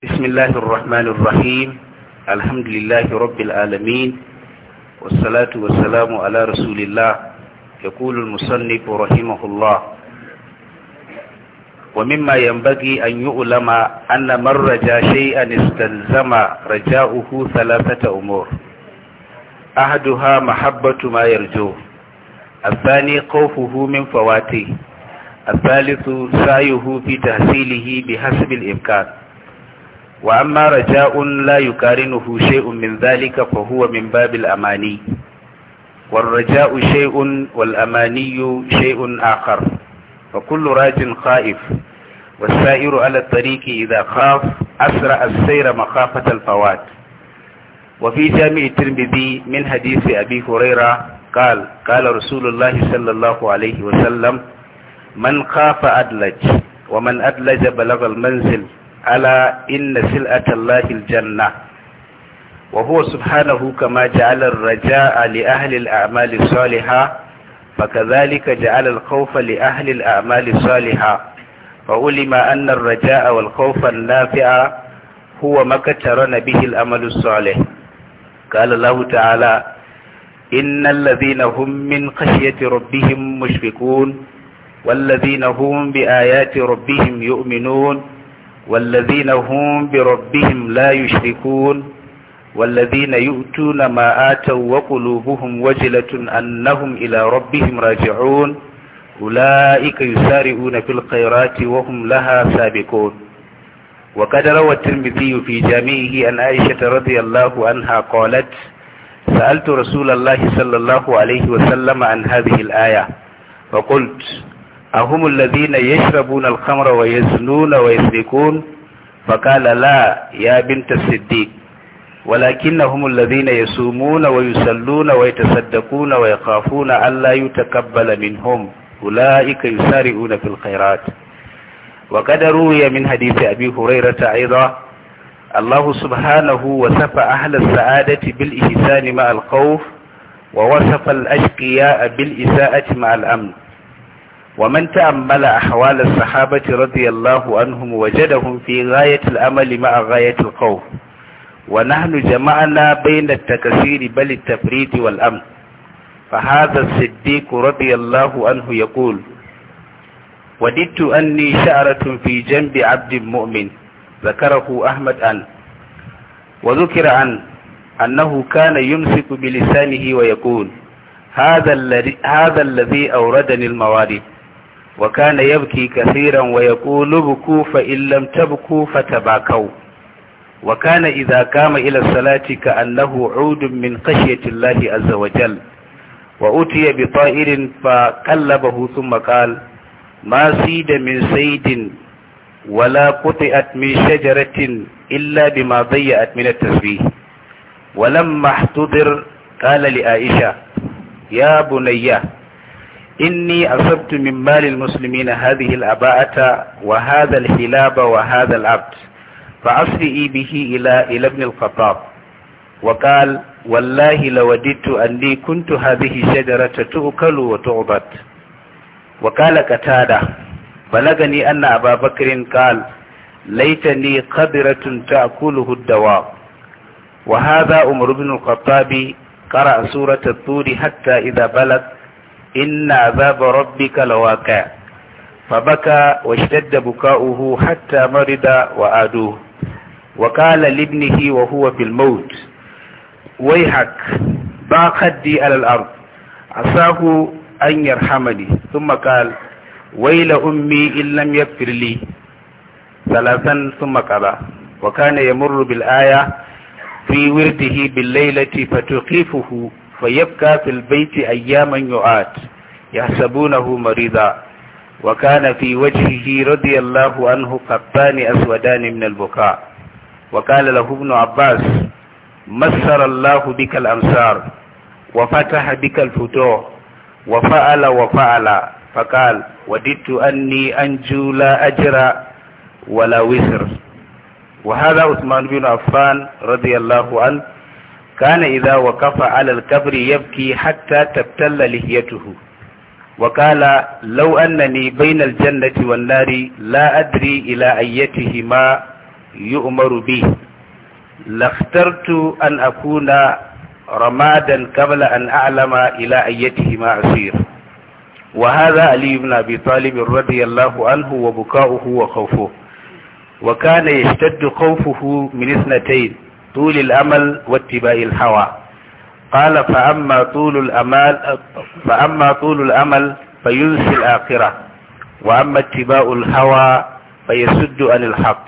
بسم الله الرحمن الرحيم الحمد لله رب العالمين والصلاة والسلام على رسول الله يقول المصنف رحمه الله ومما ينبغي أن يؤلم أن من رجا شيئا استلزم رجاؤه ثلاثة أمور أحدها محبة ما يرجوه الثاني خوفه من فواته الثالث سعيه في تحصيله بحسب الإمكان وأما رجاء لا يكارنه شيء من ذلك فهو من باب الأماني والرجاء شيء والأماني شيء آخر فكل راج خائف والسائر على الطريق إذا خاف أسرع السير مخافة الفوات وفي جامع الترمذي من حديث أبي هريرة قال قال رسول الله صلى الله عليه وسلم من خاف أدلج ومن أدلج بلغ المنزل ألا إن سلعة الله الجنة وهو سبحانه كما جعل الرجاء لأهل الأعمال الصالحة فكذلك جعل الخوف لأهل الأعمال الصالحة فعلم أن الرجاء والخوف النافع هو ما كترن به الأمل الصالح قال الله تعالى إن الذين هم من خشية ربهم مشفقون والذين هم بآيات ربهم يؤمنون والذين هم بربهم لا يشركون والذين يؤتون ما آتوا وقلوبهم وجلة أنهم إلى ربهم راجعون أولئك يسارعون في الخيرات وهم لها سابقون وقد روى الترمذي في جامعه عن عائشة رضي الله عنها قالت سألت رسول الله صلى الله عليه وسلم عن هذه الآية فقلت أهم الذين يشربون الخمر ويزنون ويسرقون فقال لا يا بنت الصديق ولكنهم الذين يصومون ويصلون ويتصدقون ويخافون ألا يتقبل منهم أولئك يسارعون في الخيرات وقد روي من حديث أبي هريرة أيضا الله سبحانه وصف أهل السعادة بالإحسان مع الخوف ووصف الأشقياء بالإساءة مع الأمن ومن تأمل أحوال الصحابة رضي الله عنهم وجدهم في غاية الأمل مع غاية القوم ونحن جمعنا بين التكسير بل التفريط والأمن فهذا الصديق رضي الله عنه يقول وددت أني شعرة في جنب عبد مؤمن ذكره أحمد أن وذكر أن أنه كان يمسك بلسانه ويقول هذا الذي أوردني الموارد wa kana yabki kasiran wa yaqulu ta fa in lam tabku fatabakaw kama ila salati ka annahu udun min khashyati Allahi azza wa jal wa utiya bi ta'irin fa qallabahu thumma qala ma sida min ولا قطعت من شجرة إلا بما ضيأت من التسبيح ولما احتضر قال لآئشة يا بنيه inni asabtu min malil muslimina hadhihi al-aba'ata wa hadha al-hilaba wa hadha al-abd فأسرئي به إلى, إلى ابن الخطاب وقال والله لوددت أني كنت هذه شجرة تؤكل وتعبد وقال قتادة بلغني أن أبا بكر قال ليتني قدرة تأكله الدواب وهذا عمر بن الخطاب قرأ سورة الطور حتى إذا بلغ إن عذاب ربك لواقع فبكى واشتد بكاؤه حتى مرض وآدوه وقال لابنه وهو في الموت ويحك باقدي على الأرض عساه أن يرحمني ثم قال ويل أمي إن لم يغفر لي ثلاثا ثم قضى وكان يمر بالآية في ورده بالليلة فتقيفه فيبكى في البيت أياما يعات يحسبونه مريضا وكان في وجهه رضي الله عنه قطان أسودان من البكاء وقال له ابن عباس مسر الله بك الأمصار وفتح بك الفتوح وفعل وفعل فقال وددت أني أنجو لا أجر ولا وزر وهذا عثمان بن عفان رضي الله عنه كان إذا وقف على القبر يبكي حتى تبتل لحيته وقال لو أنني بين الجنة والنار لا أدري إلى أيتهما يؤمر به لاخترت أن أكون رمادا قبل أن أعلم إلى أيتهما أسير وهذا علي بن أبي طالب رضي الله عنه وبكاؤه وخوفه وكان يشتد خوفه من اثنتين طول الأمل واتباع الهوى قال فأما طول الأمال فأما طول الأمل فينسي الآخرة وأما اتباع الهوى فيسد عن الحق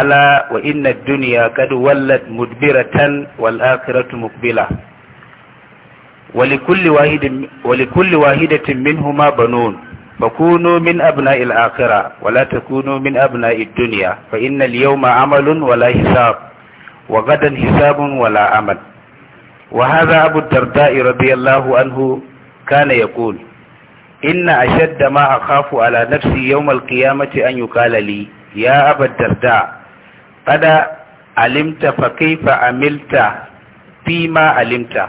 ألا وإن الدنيا قد ولت مدبرة والآخرة مقبلة ولكل واحد ولكل واحدة منهما بنون فكونوا من أبناء الآخرة ولا تكونوا من أبناء الدنيا فإن اليوم عمل ولا حساب وغدا حساب ولا أمل وهذا أبو الدرداء رضي الله عنه كان يقول إن أشد ما أخاف على نفسي يوم القيامة أن يقال لي يا أبا الدرداء قد علمت فكيف عملت فيما علمت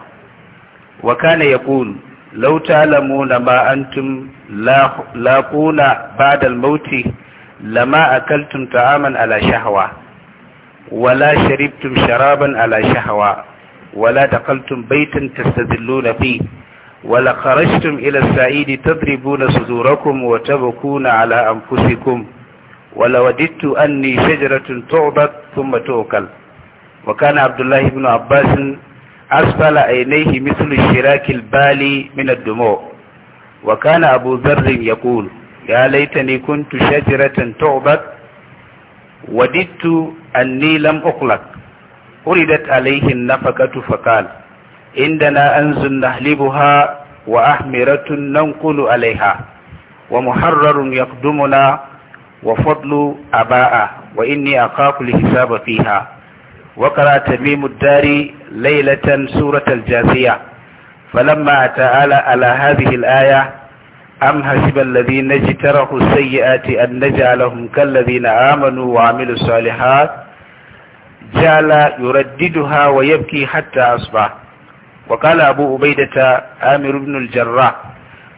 وكان يقول لو تعلمون ما أنتم لاقون بعد الموت لما أكلتم طعاما على شهوة wala sharibtum sharaban ala shahawa wala daqaltum baytan tastadilluna fi wala kharajtum ila as-sa'idi tadribuna sudurakum wa tabkuna ala anfusikum wala wadidtu anni shajaratun tu'bat thumma tu'kal wa kana abdullah ibn abbas asfala aynayhi mithlu ash bali min ad-dumu' wa kana abu dharr yaqul ya laitani kuntu shajaratan tu'bat wadidtu أني لم أخلق وردت عليه النفقة فقال عندنا أنز نحلبها وأحمرة ننقل عليها ومحرر يقدمنا وفضل أباء وإني أخاف الحساب فيها وقرأ تميم الدار ليلة سورة الجاثية فلما تعالى على هذه الآية أم حسب الذين اجترحوا السيئات أن نجعلهم كالذين آمنوا وعملوا الصالحات جعل يرددها ويبكي حتى أصبح وقال أبو عبيدة آمر بن الجراح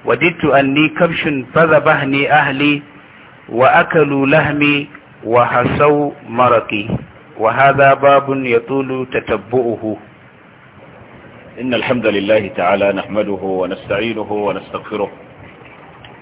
وددت أني كبش فذبحني أهلي وأكلوا لهمي وحسوا مرقي وهذا باب يطول تتبؤه إن الحمد لله تعالى نحمده ونستعينه ونستغفره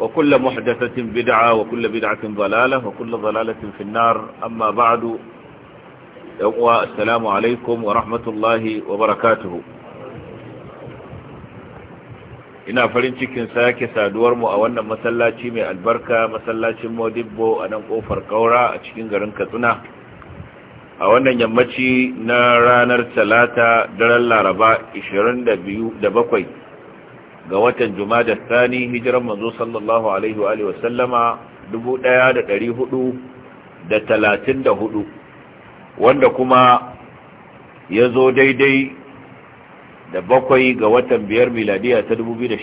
وكل محدثة بدعة وكل بدعة ضلالة وكل ضلالة في النار أما بعد السلام عليكم ورحمة الله وبركاته ina farin cikin sake saduwar mu a wannan masallaci mai albarka masallacin Modibbo a nan kofar Kaura a cikin garin Katsina a wannan yammaci na ranar Talata daren Laraba 22 da bakwai. ga watan jumada tsani hijiran manzo sallallahu alaihi wa alihi 1434 wanda kuma ya zo daidai da bakwai ga watan biyar miladiya ta 2013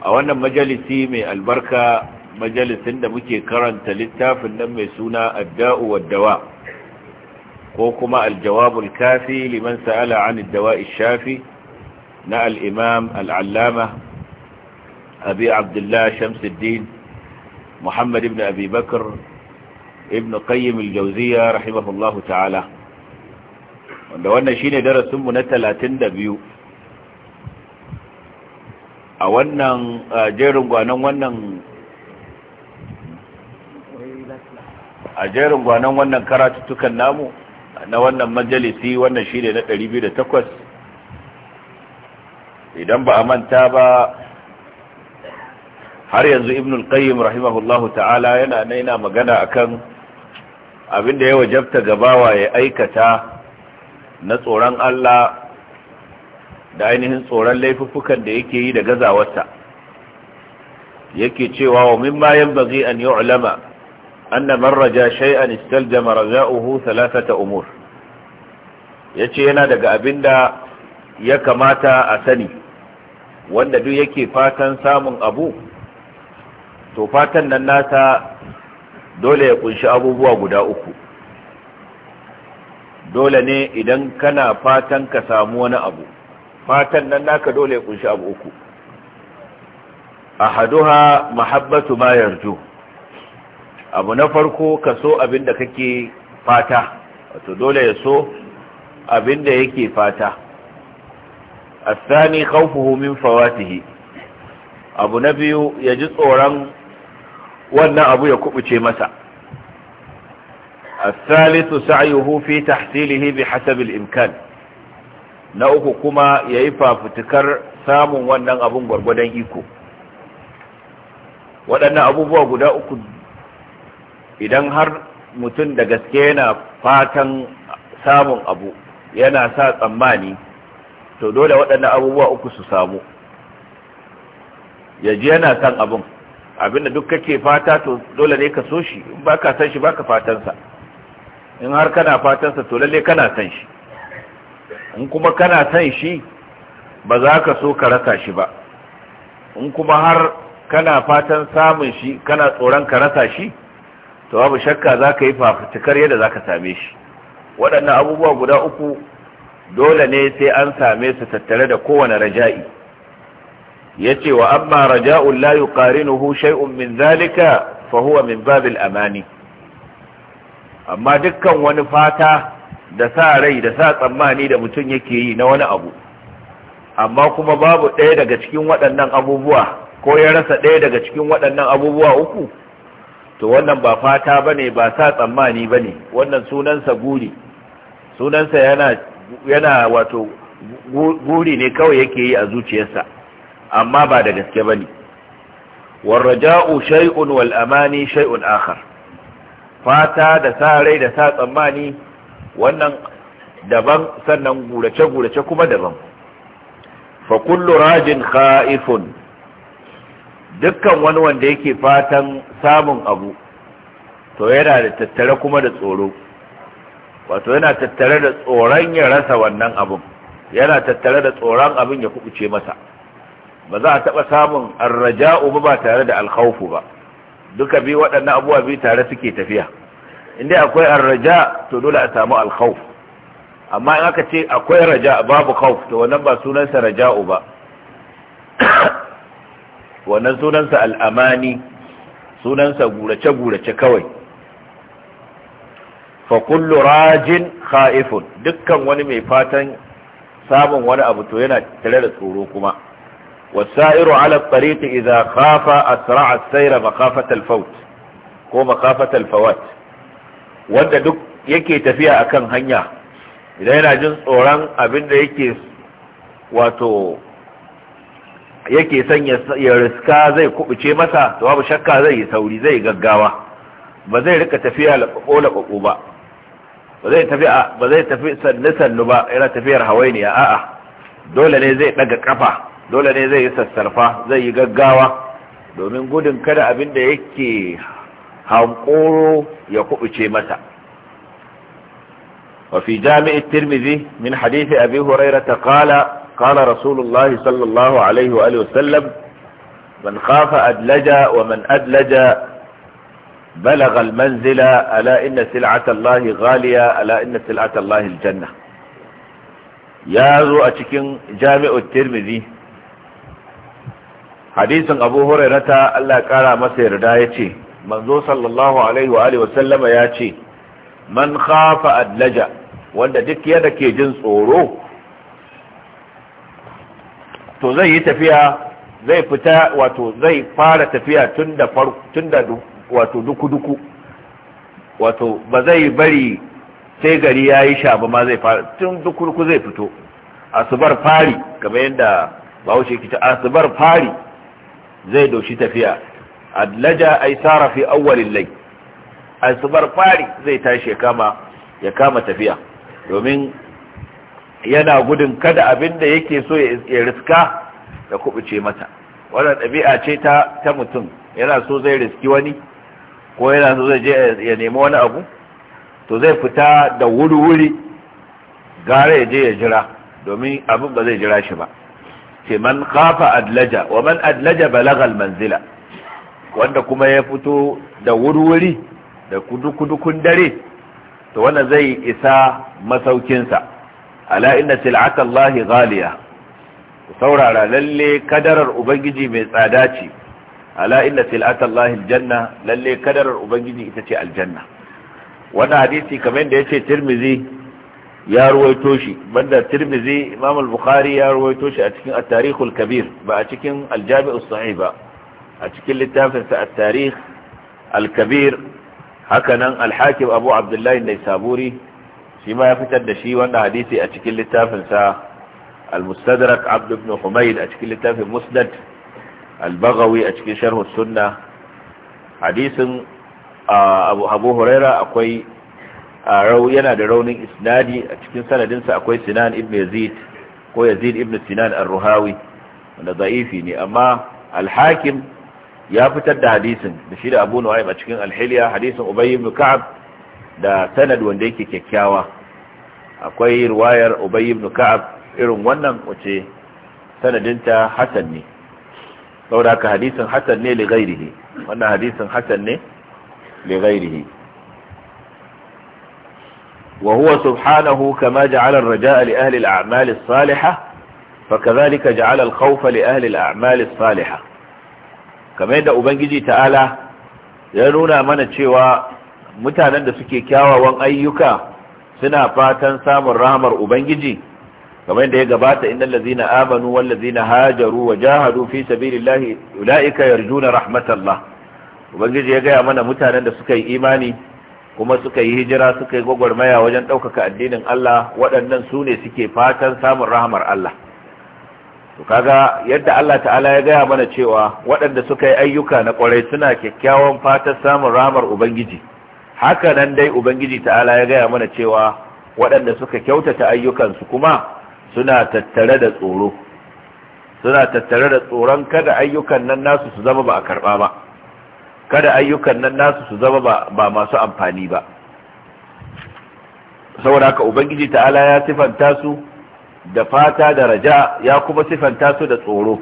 a wannan majalisi mai albarka majalisin da muke karanta littafin nan mai suna adda'u waddawa ko kuma aljawabul kafi liman sa'ala an dawai shafi na al'imam al'allama abi abdullah shamsuddin muhammad ibn abi bakar ibn qayyim al-jauziya rahimahullahu ta'ala wanda wannan shine darasinmu na talatin da biyu a wannan jerin gwanon wannan a jerin gwanon wannan karatuttukan namu na wannan majalisi wannan shine na 208 idan ba a manta ba har yanzu ibn al-qayyim rahimahullahu ta'ala yana naina magana akan da ya wajabta gabawa ya aikata na tsoron Allah da ainihin tsoron laifukan da yake yi da gazawarsa yake cewa wa mimma yanbaghi an yu'lama anna man raja shay'an istaljama raja'uhu thalathata umur yace yana daga abinda ya kamata a sani wanda duk yake fatan samun abu to fatan nan nasa dole ya kunshi abubuwa guda uku dole ne idan kana fatan ka samu wani abu fatan nan naka dole ya kunshi abu uku ahaduha mahabbatu ma yarju abu na farko ka so abin da kake fata wato dole ya so abin da yake fata الثاني خوفه من فواته abu na biyu ya ji tsoron wannan abu ya kubuce masa الثالث سعيه في تحصيله بحسب الإمكان na uku kuma ya yi fafutukar samun wannan abun gwargwadon iko waɗannan abubuwa guda uku idan har mutum da gaske yana fatan samun abu yana sa tsammani to dole waɗannan abubuwa uku su samu ya ji yana san abin abinda duk kake fata to dole ne ka so shi in ba ka san shi ba ka fatansa in har kana fatansa to lalle kana san shi in kuma kana san shi ba za ka so ka rasa shi ba in kuma har kana fatan samun shi kana tsoron ka rasa shi to babu shakka za ka yi fafutukar yadda za ka same shi waɗannan abubuwa guda uku dole ne sai an same su tattare da kowane raja'i yace wa amma raja'un la yuqarinuhu shay'un min zalika fa huwa min babil amani amma dukkan wani fata da sa rai da sa tsammani da mutum yake yi na wani abu amma kuma babu ɗaya daga cikin waɗannan abubuwa ko ya rasa ɗaya daga cikin waɗannan abubuwa uku to wannan ba fata bane ba sa tsammani bane wannan sunansa guri sunansa yana yana wato guri ne kawai yake yi a zuciyarsa amma ba da gaske bane warraja'u shay'un wal amani shay'un akhar fata da sa da sa tsammani wannan daban sannan gurace gurace kuma daban fa kullu rajin khaifun dukkan wani wanda yake fatan samun abu to yana da tattare kuma da tsoro wato yana tattare da tsoron ya rasa wannan abin yana tattare da tsoron abin ya kubuce masa ba za a taɓa samun arraja'u ba tare da alkhawfu ba duka bi waɗannan abubuwa bi tare suke tafiya inda akwai arraja to dole a samu alkhawf amma in aka ce akwai raja babu khawf to wannan ba sunansa raja'u ba wannan sunansa al'amani sunansa gurace-gurace kawai fa kullu rajin kha'ifun dukkan wani mai fatan samun wani abu to yana tare da tsoro kuma wasairu ala tariq idza khafa asra'a sayra makhafata alfawt ko makhafata alfawat wanda duk yake tafiya akan hanya idan yana jin tsoron abin da yake wato yake son ya riska zai kubuce masa to babu shakka zai yi sauri zai gaggawa ba zai rika tafiya laɓaɓo laɓaɓo ba ba zai tafi sannu sannu ba yana tafiyar hawainiya a'a dole ne zai daga kafa dole ne zai yi sassarfa zai yi gaggawa domin gudun kada abin da yake hankoro ya kubuce mata وفي جامع الترمذي من حديث أبي هريرة قال قال رسول الله صلى الله عليه وآله وسلم من خاف أدلج ومن أدلج بلغ المنزل ألا إن سلعة الله غالية ألا إن سلعة الله الجنة يا ذو أتكين جامع الترمذي حديث أبو هريرة ألا قال مسير دايتي منذ صلى الله عليه وآله وسلم ياتي من خاف أدلج وأن دك يدك جنس أورو to zai yi tafiya zai fita wato zai fara tafiya tun da wato duku-duku wato ba zai bari sai gari ya yi sha ba ma zai fara tun duku-duku zai fito asubar fari kamar yadda bahaushe ke ta asubar fari zai doshi tafiya adlaja ai yi sarafi awwalin lai asubar fari zai tashi kama ya kama tafiya domin yana gudun kada abin da yake so ya riska da kubuce mata wannan ɗabi'a ce ta ta mutum yana so zai riski wani ko yana so zai je ya nemi wani abu to zai fita da wuri-wuri gara ya je ya jira domin abin ba zai jira shi ba ce man kafa adlaja wa man adlaja balagal manzila wanda kuma ya fito da wuri-wuri da kudukun dare to wanda zai isa masaukinsa ala inna sil'ata Allahi saurara lalle kadarar ubangiji mai tsada ce ala inna silata Allah aljanna lalle kadarar ubangiji ita ce aljanna wannan hadisi kamar da yace Tirmizi ya ruwaito shi banda Tirmizi Imam al-Bukhari ya ruwaito shi a cikin at-Tarikh al-Kabir ba a cikin al-Jami' as-Sahih ba a cikin littafin sa at-Tarikh al-Kabir hakanan al-Hakim Abu Abdullah an-Naisaburi shi ma ya fitar da shi wannan hadisi a cikin littafin sa al-Mustadrak Abd ibn Humayd a cikin littafin Musnad al a cikin sharh sunna hadisin abu abu huraira akwai yana da raunin isnadi a cikin sanadinsa akwai sinan ibn yazid ko yazid ibn sinan ar-ruhawi wanda za'ifi ne amma al-hakim ya fitar da hadisin da shi da abu nu'aym a cikin al-hilya hadisin ubay ibn ka'ab da sanad wanda yake kyakkyawa akwai riwayar ubay ibn ka'ab irin wannan wace sanadinta hasan ne saboda haka hadisin hasan ne li ghairihi wannan hadisin hasan ne li ghairihi wa huwa subhanahu kama ja'ala ar-raja'a li ahli al-a'mal as-salihah fakadhalika ja'ala al-khawfa li ahli al-a'mal as-salihah kamar yadda ubangiji ta'ala ya nuna mana cewa mutanen da suke kyawawan ayyuka suna fatan samun rahamar ubangiji kamar yadda ya gabata innal ladzina amanu wal ladzina hajaru wa jahadu fi sabilillahi ulaika yarjuna rahmatallah ubangiji ya gaya mana mutanen da suka yi imani kuma suka yi hijira suka yi gwagwarmaya wajen ɗaukaka addinin Allah waɗannan su ne suke fatan samun rahamar Allah to kaga yadda Allah ta'ala ya gaya mana cewa waɗanda suka yi ayyuka na ƙwarai suna kyakkyawan fatan samun rahamar ubangiji haka nan dai ubangiji ta'ala ya gaya mana cewa waɗanda suka kyautata ayyukansu kuma suna tattare da tsoro suna tattare da tsoron kada ayyukan nan nasu su zama ba a karba ba kada ayyukan nan nasu su zama ba masu amfani ba saboda haka ubangiji ta'ala ya sifanta su da fata da raja ya kuma sifanta su da tsoro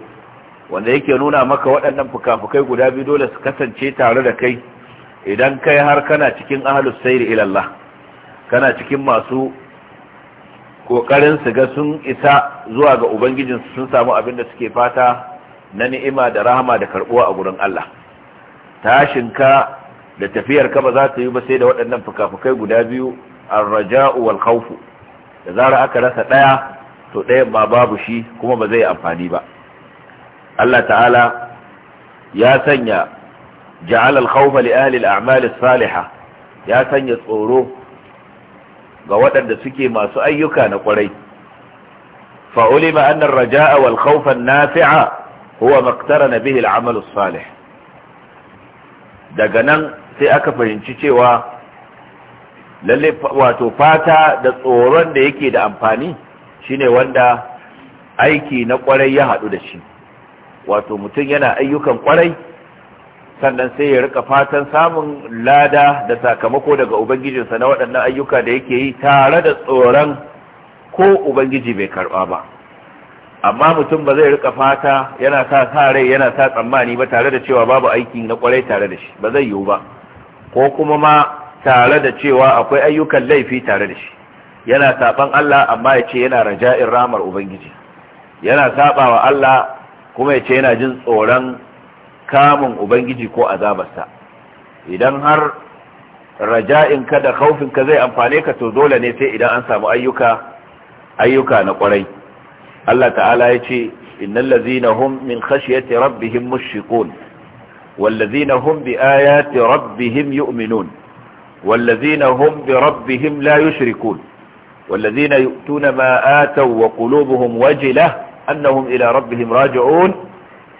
wanda yake nuna maka waɗannan fuka-fukai guda biyu dole su kasance tare da kai idan kai har kana cikin ahlus sayri Allah kana cikin masu kokarin su ga sun isa zuwa ga ubangijin sun samu abin da suke fata na ni'ima da rahama da karbuwa a gurin Allah tashinka da tafiyar ka ba za ta yi ba sai da waɗannan fukafukai guda biyu ar-raja'u wal khawfu da zara aka rasa daya to ɗayan ba babu shi kuma ba zai amfani ba Allah ta'ala ya sanya ja'ala al-khawfa li ahli al-a'mal as-salihah ya sanya tsoro ga waɗanda suke masu ayyuka na kwarai fa'uli ulima anna rajaa wal khawfa nafia huwa maktara bihi al salih daga nan sai aka fahimci cewa lalle wato fata da tsoron da yake da amfani shine wanda aiki na kwarai ya haɗu da shi wato mutum yana ayyukan kwarai sannan sai ya rika fatan samun lada da sakamako daga ubangijinsa na waɗannan ayyuka da yake yi tare da tsoron ko ubangiji bai karɓa ba amma mutum ba zai rika fata yana sa sa rai yana sa tsammani ba tare da cewa babu aiki na kwarai tare da shi ba zai yiwu ba ko kuma ma tare da cewa akwai ayyukan laifi tare da shi yana saban Allah amma ya ce yana raja'in ramar ubangiji yana saɓawa Allah kuma ya ce yana jin tsoron kamun ubangiji ko azabarsa idan har raja'inka da khaufin ka zai amfane ka to dole ne sai idan an samu ayyuka ayyuka na kwarai Allah ta'ala ya ce innal ladzina hum min khashiyati rabbihim mushfiqun wal ladzina hum bi ayati rabbihim yu'minun wal ladzina bi rabbihim la yushrikun wal ladzina yu'tuna ma ataw wa qulubuhum wajila annahum ila rabbihim raji'un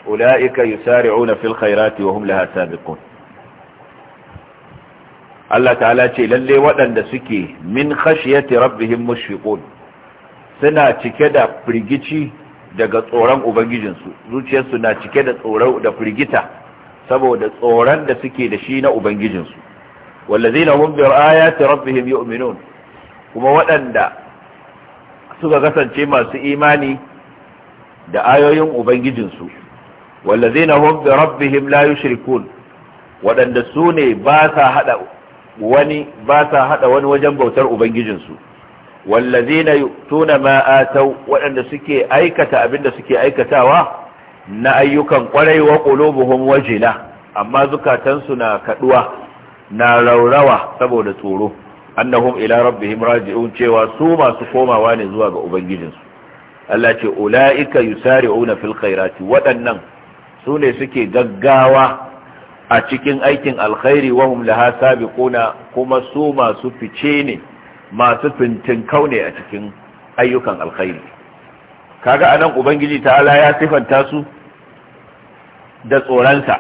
أولئك يسارعون في الخيرات وهم لها سابقون الله تعالى ce lallai waɗanda suke min khashiyati rabbihim mushfiqun suna cike da firgici daga tsoron ubangijinsu zuciyarsu na cike da da firgita saboda tsoron da suke da shi na ubangijinsu wallazina hum bi ayati rabbihim yu'minun kuma waɗanda suka kasance masu imani da ayoyin ubangijinsu wallazina hum bi rabbihim la yushrikun waɗanda su ne ba sa hada wani ba sa hada wani wajen bautar ubangijinsu wallazina yu'tuna ma atau waɗanda suke aikata abinda suke aikatawa na ayyukan kwarai wa qulubuhum wajila amma zukatansu na kaduwa na raurawa saboda tsoro annahum ila rabbihim raji'un cewa su masu komawa ne zuwa ga ubangijinsu Allah ce ula'ika yusari'una fil khairati waɗannan su ne suke gaggawa a cikin aikin alkhairi wahum laha sabiquna kuma su masu fice ne masu fintinkau ne a cikin ayyukan alkhairi kaga anan ubangiji ta'ala ya sifanta su da tsoronsa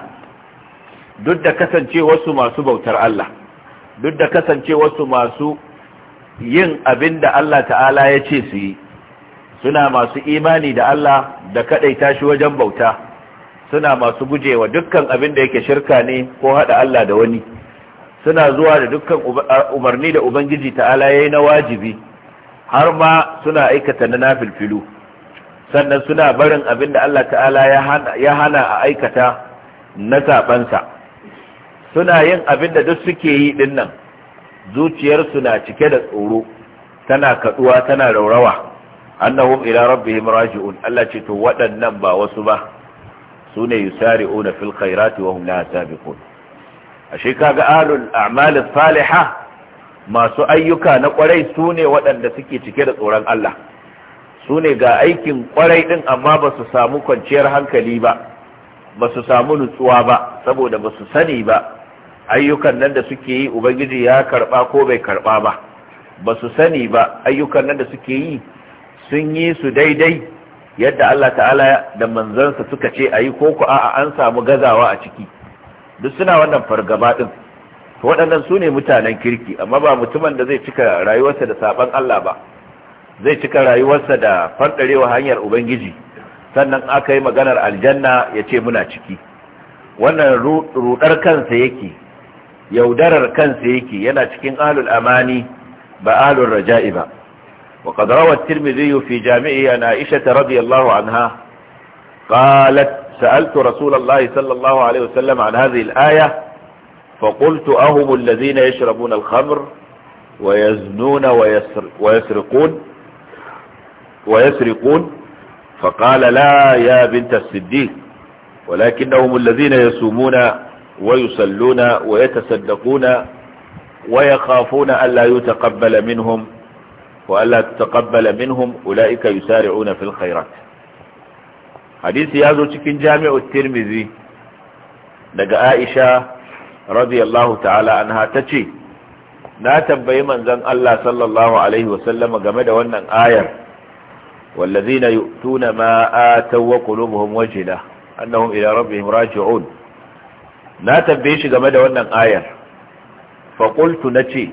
duk da kasancewarsu masu bautar Allah duk da kasancewarsu masu yin abin da Allah ta'ala ya ce su yi suna masu imani da Allah da kaɗaita shi wajen bauta suna masu gujewa dukkan abin da yake shirka ne ko hada Allah da wani suna zuwa da dukkan umarni da ubangiji ta'ala yayi na wajibi har ma suna aikata na nafilfilu sannan suna barin abin da Allah ta'ala ya hana a aikata na sabansa suna yin abin da duk suke yi dinnan zuciyarsu na cike da tsoro tana kaduwa tana raurawa annahum ila rabbihim raji'un Allah ce to waɗannan ba wasu ba su ne yusari'una fil khairati wa hum la sabiqun ashe kaga alul a'mal salihah masu ayyuka na kwarai su ne waɗanda suke cike da tsoron Allah su ne ga aikin kwarai ɗin amma ba su samu kwanciyar hankali ba ba su samu nutsuwa ba saboda ba su sani ba ayyukan nan da suke yi ubangiji ya karɓa ko bai karɓa ba ba su sani ba ayyukan nan da suke yi sun yi su daidai yadda Allah ta'ala da manzansa suka ce a yi ko ku an samu gazawa a ciki duk suna wannan fargaba ɗin waɗannan su ne mutanen kirki amma ba mutumin da zai cika rayuwarsa da saban Allah ba zai cika rayuwarsa da farɗarewa hanyar ubangiji sannan aka yi maganar aljanna ya ce muna ciki wannan rudar kansa yake yaudarar kansa yake yana cikin ahlul amani ba ahlul raja'i ba وقد روى الترمذي في جامعه عن عائشة رضي الله عنها قالت سألت رسول الله صلى الله عليه وسلم عن هذه الآية فقلت أهم الذين يشربون الخمر ويزنون ويسر ويسرقون ويسرقون فقال لا يا بنت الصديق ولكنهم الذين يصومون ويصلون ويتصدقون ويخافون ألا يتقبل منهم وألا تتقبل منهم أولئك يسارعون في الخيرات حديث يازو تكين جامع الترمذي لقى عائشة رضي الله تعالى عنها تشي na tambayi manzon Allah sallallahu alaihi wasallam game da wannan ayar wallazina yu'tuna ma ataw wa qulubuhum wajila annahum ila rabbihim raji'un na tambaye shi game da wannan ayar Faƙultu na ce.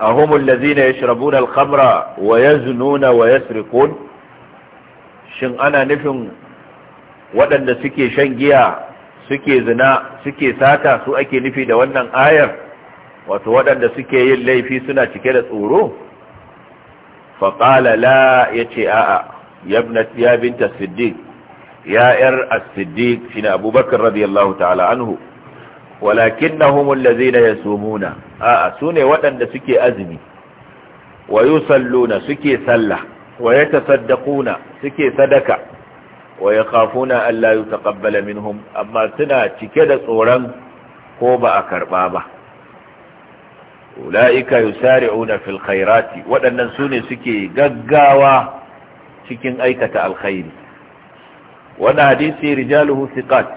أهم الذين يشربون الخمر ويزنون ويسرقون shin ana nufin waɗanda suke shan giya suke zina suke sata su ake nufi da wannan ayar wato waɗanda suke yin laifi suna cike da tsoro faƙala la ya ce a'a ya binta siddiq ya ‘yar as-siddiq shi abubakar radiyallahu ta'ala anhu walakinnahum allazina yasumuna a'a sune waɗanda suke azumi wa suke sallah wa yatasaddaquna suke sadaka waya yakhafuna allah la yutaqabbala minhum amma suna cike da tsoron ko ba a karɓa ba ulaika yusari'una fil khairati waɗannan sune suke gaggawa cikin aikata alkhairi Wani hadisi rijaluhu thiqat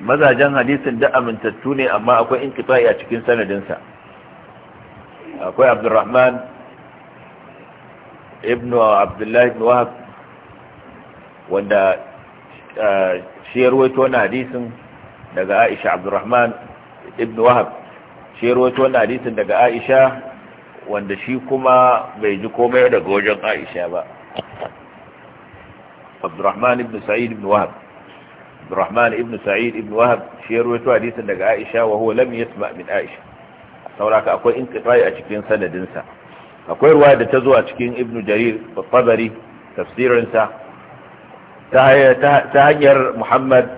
mazajen hadisin da amintattu ne amma akwai inkitai a cikin sanadinsa akwai abdurrahman ibn abdullahi ibn wahab wanda shi ya ruwaito wani hadisin daga aisha abdurrahman ibn wahab shi ya ruwaito wani hadisin daga aisha wanda shi kuma bai ji komai daga wajen aisha ba abdurrahman ibn sa'id ibn wahab Abdurrahman ibn Sa'id Wahab shi ya rawaito hadisin daga Aisha wa huwa lam yasma min Aisha sauraka akwai inqita'i a cikin sanadin akwai ruwa da ta zo a cikin Ibn Jarir at-Tabari tafsirin sa ta hanyar Muhammad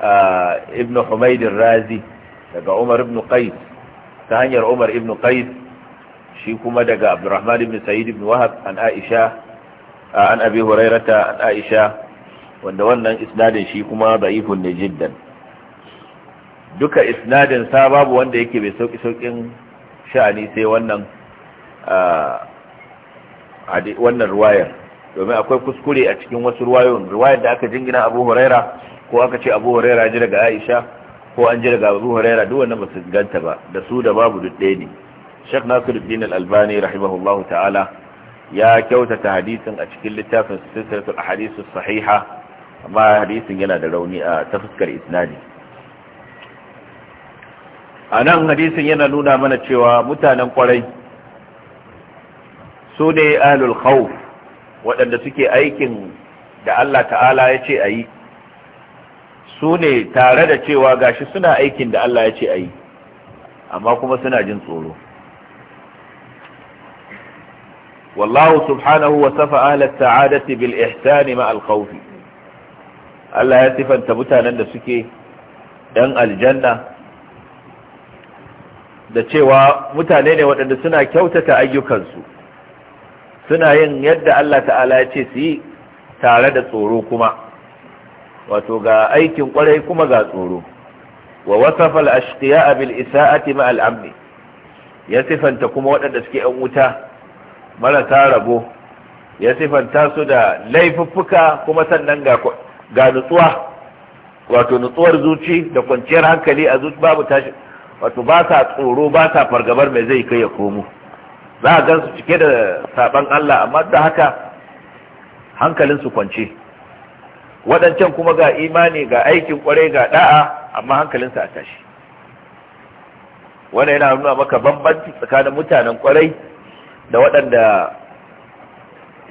ah, ibn Humayd razi daga Umar ibn Qais ta hanyar Umar ibn Qais kuma daga Abdurrahman ibn Sa'id ibn Wahab an ah, Abi hurairata an Aisha wanda wannan isnadin shi kuma da'ifun ne jiddan duka isnadin sa babu wanda yake bai sauki saukin sha'ani sai wannan wannan ruwayar domin akwai kuskure a cikin wasu ruwayoyin ruwayar da aka jingina Abu Huraira ko aka ce Abu Huraira ji daga Aisha ko an ji daga Abu Huraira duk wannan ba ganta ba da su da babu duk ɗaya ne shek Nasiruddin Al-Albani rahimahullahu ta'ala ya kyautata hadisin a cikin littafin Silsilatul Ahadithus Sahiha amma hadisin yana da rauni a ta fuskar isnadi a nan hadisin yana nuna mana cewa mutanen kwarai su ne ahlul khawf waɗanda suke aikin da Allah ta'ala ya ce a yi su ne tare da cewa gashi suna aikin da Allah ya ce a yi amma kuma suna jin tsoro wallahu subhanahu wa safa ahlat sa'adati bil ihsani ma al khawfi Allah ya sifanta mutanen da suke ‘yan aljanna da cewa mutane ne waɗanda suna kyautata ayyukansu suna yin yadda Allah ta'ala ya ce su yi tare da tsoro kuma wato ga aikin kwarai kuma ga tsoro wa wasafal ashqiya bil isa'ati ma al'amni ya sifanta kuma waɗanda suke ‘yan wuta marasa rabo ya sifanta su da laifuffuka kuma sannan ga ga nutsuwa wato nutsuwar zuci da kwanciyar hankali a zuci babu tashi wato ba sa tsoro ba sa fargabar mai zai kai ya komo za a gansu cike da saban Allah amma da haka hankalinsu kwance waɗancan kuma ga imani ga aikin kwarai ga ɗa'a, amma su a tashi wannan yana nuna maka bambanci tsakanin mutanen kwarai da waɗanda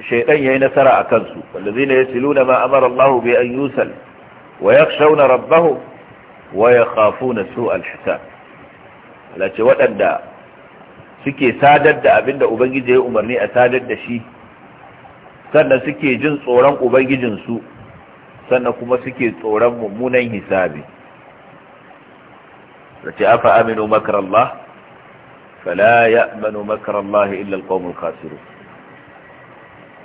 shaidan yayi nasara a kansu wallazina yasiluna ma amara Allah bi an yusal wa yakhshawna rabbahum wa yakhafuna su'al hisab lace waɗanda suke sadar da abinda ubangiji ya umarni a sadar da shi sannan suke jin tsoron ubangijinsu sannan kuma suke tsoron mummunan hisabi lace afa aminu makarallah fala ya'manu makarallah illa alqawmul khasirun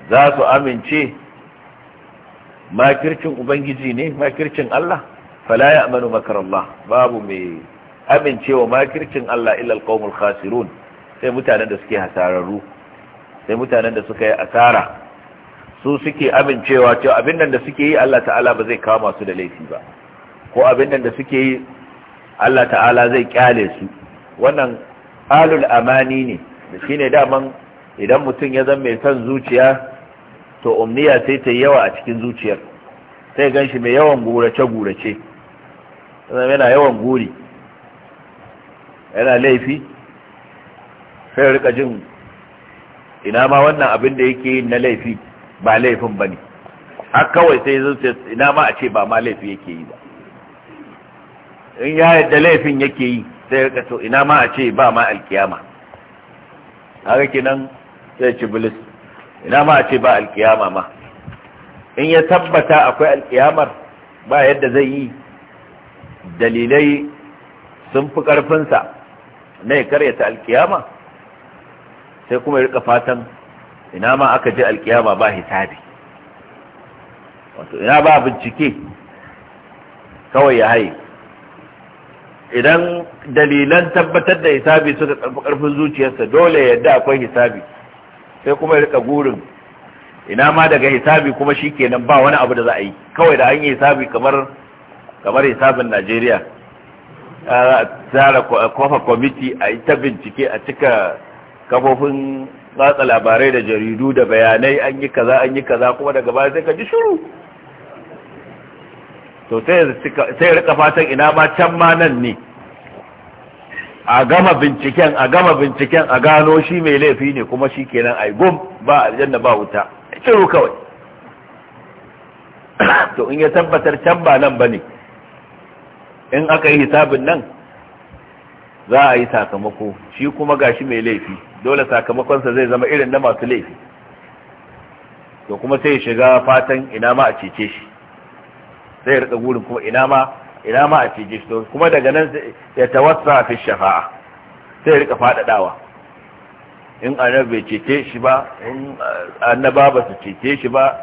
za su amince makircin ubangiji ne makircin Allah fala ya amanu makar Allah babu mai amincewa makircin Allah illal alqaumul khasirun sai mutanen da suke hasararru sai mutanen da suka yi asara su suke amincewa cewa abin nan da suke yi Allah ta'ala ba zai kama su da laifi ba ko abin nan da suke yi Allah ta'ala zai kyale su wannan alul amani ne shine daman idan mutum ya zama mai son zuciya to umniya sai ta yi yawa a cikin zuciyar sai gan shi mai yawan gurace-gurace yana yawan guri yana laifi sai rika jin ina ma wannan abin da yake yin na laifi ba laifin ba ne har kawai sai zuciya ina ma a ce ba ma laifi yake yi ba in ya yadda laifin yake yi sai rika to ina ma a ce ba ma alkiyama haka kenan sai ci bilis ina ma a ce ba alkiyama ma in ya tabbata akwai alkiyamar ba yadda zai yi dalilai sun fi ƙarfinsa na ya karyata alkiyama sai kuma ya fatan ina ma aka je alkiyama ba hisabi wato ina ba bincike kawai ya haye idan dalilan tabbatar da hisabi suka karfi zuciyarsa dole yadda akwai hisabi sai kuma ya rika gurin ina ma daga hisabi kuma shi kenan ba wani abu da za a yi kawai da an yi hisabi kamar kamar hisabin Najeriya a tsara kofa kwamiti a yi ta bincike a cika kafofin watsa labarai da jaridu da bayanai an yi kaza an yi kaza kuma daga baya sai ka ji shiru to sai rika fatan ina ma can ma nan ne a gama binciken a gama binciken a gano shi mai laifi ne kuma shi kenan ai gum ba aljanna ba wuta ciro kawai to in ya tabbatar can ba nan ba ne in aka yi hisabin nan za a yi sakamako shi kuma gashi mai laifi dole sakamakonsa zai zama irin na masu laifi to kuma sai ya shiga fatan ina ma a cece shi sai ya rika gurin kuma ina ma ina ma a cije shi kuma daga nan ya tawassa fi shafa'a sai rika fadadawa in annabi bai cece shi ba in uh, annaba ba su cece shi ba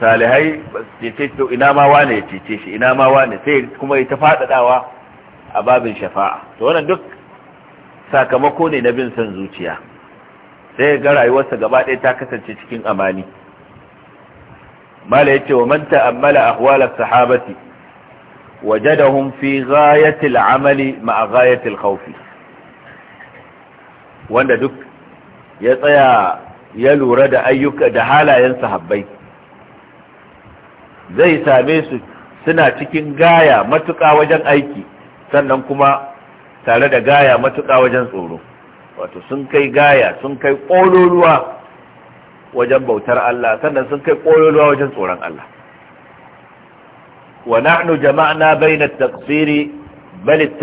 salihai ba su cece shi to ina ma wane ya cece shi ina ma wane sai kuma ya ta fadadawa a babin shafa'a to wannan duk sakamako ne na bin son zuciya sai ga rayuwarsa gaba ɗaya ta kasance cikin amani mala yace wa man ta'ammala ahwala sahabati Waje da humfi ghayatil amali ma'a ghayatil khawfi wanda duk ya tsaya ya lura da ayyuka da halayen sahabbai zai same su suna cikin gaya matuƙa wajen aiki sannan kuma tare da gaya matuka wajen tsoro wato sun kai gaya sun kai ƙololuwa wajen bautar Allah sannan sun kai ƙololuwa wajen tsoron Allah wa jama'a jama'na bayna at-taqsiri bal at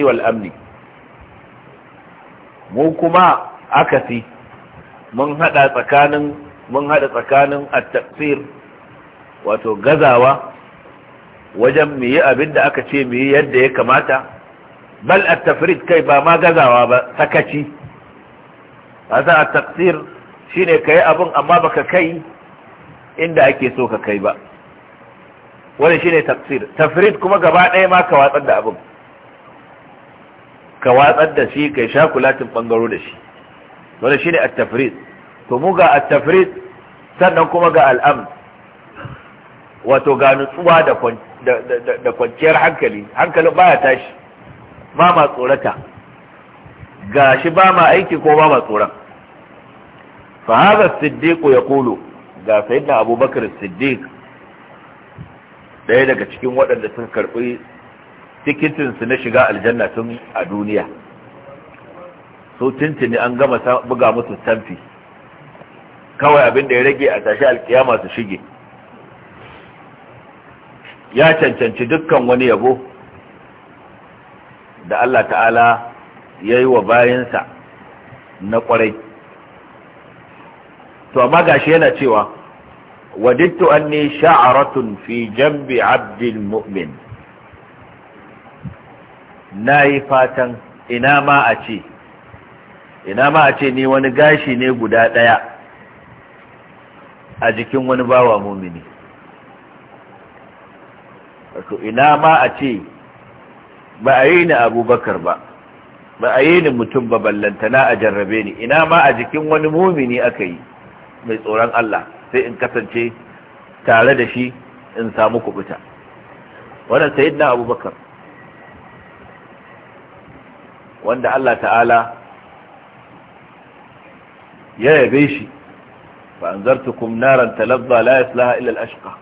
wal amni mu kuma akasi mun hada tsakanin mun hada tsakanin at-taqsir wato gazawa wajen muyi abin da aka ce muyi yadda ya kamata bal at-tafriq kai ba ma gazawa ba sakaci hasa at-taqsir shine kai abun amma baka kai inda ake so ka kai ba wani shine tafsir tafrid kuma gaba ɗaya ma ka watsar da abin ka watsar da shi kai sha kulatin bangaro da shi wani shine at-tafrid to mu ga at-tafrid sannan kuma ga al'am wato ga nutsuwa da kwanciyar hankali hankalin baya tashi ba ma tsorata ga shi ba ma aiki ko ba ma tsoron fa hadha as-siddiq yaqulu ga sayyidina abubakar as-siddiq ɗaya daga cikin waɗanda sun karɓi tikitinsu na shiga aljanna tun a duniya so tintini an gama buga musu tamfi kawai abin da ya rage a tashi alkiyama su shige ya cancanci dukkan wani yabo da Allah ta'ala ya yi wa bayansa na kwarai to amma gashi yana cewa وددت أني شعرة في جنب عبد المؤمن ناي فاتن إنا ما أتي إنا ما أتي ني ونقاشي ني قداء ليا أجكم ونباوى مؤمني wato ina ma a ce ba a yi ni abubakar ba ba a yi ni mutum ba ballantana a jarrabe ni ina ma a jikin wani mumini aka yi mai tsoron Allah sai in kasance tare da shi in samu kubuta wannan sayyidina abubakar wanda Allah ta'ala ya yabe shi فأنذرتكم نارا تلظى لا يصلها إلا الأشقى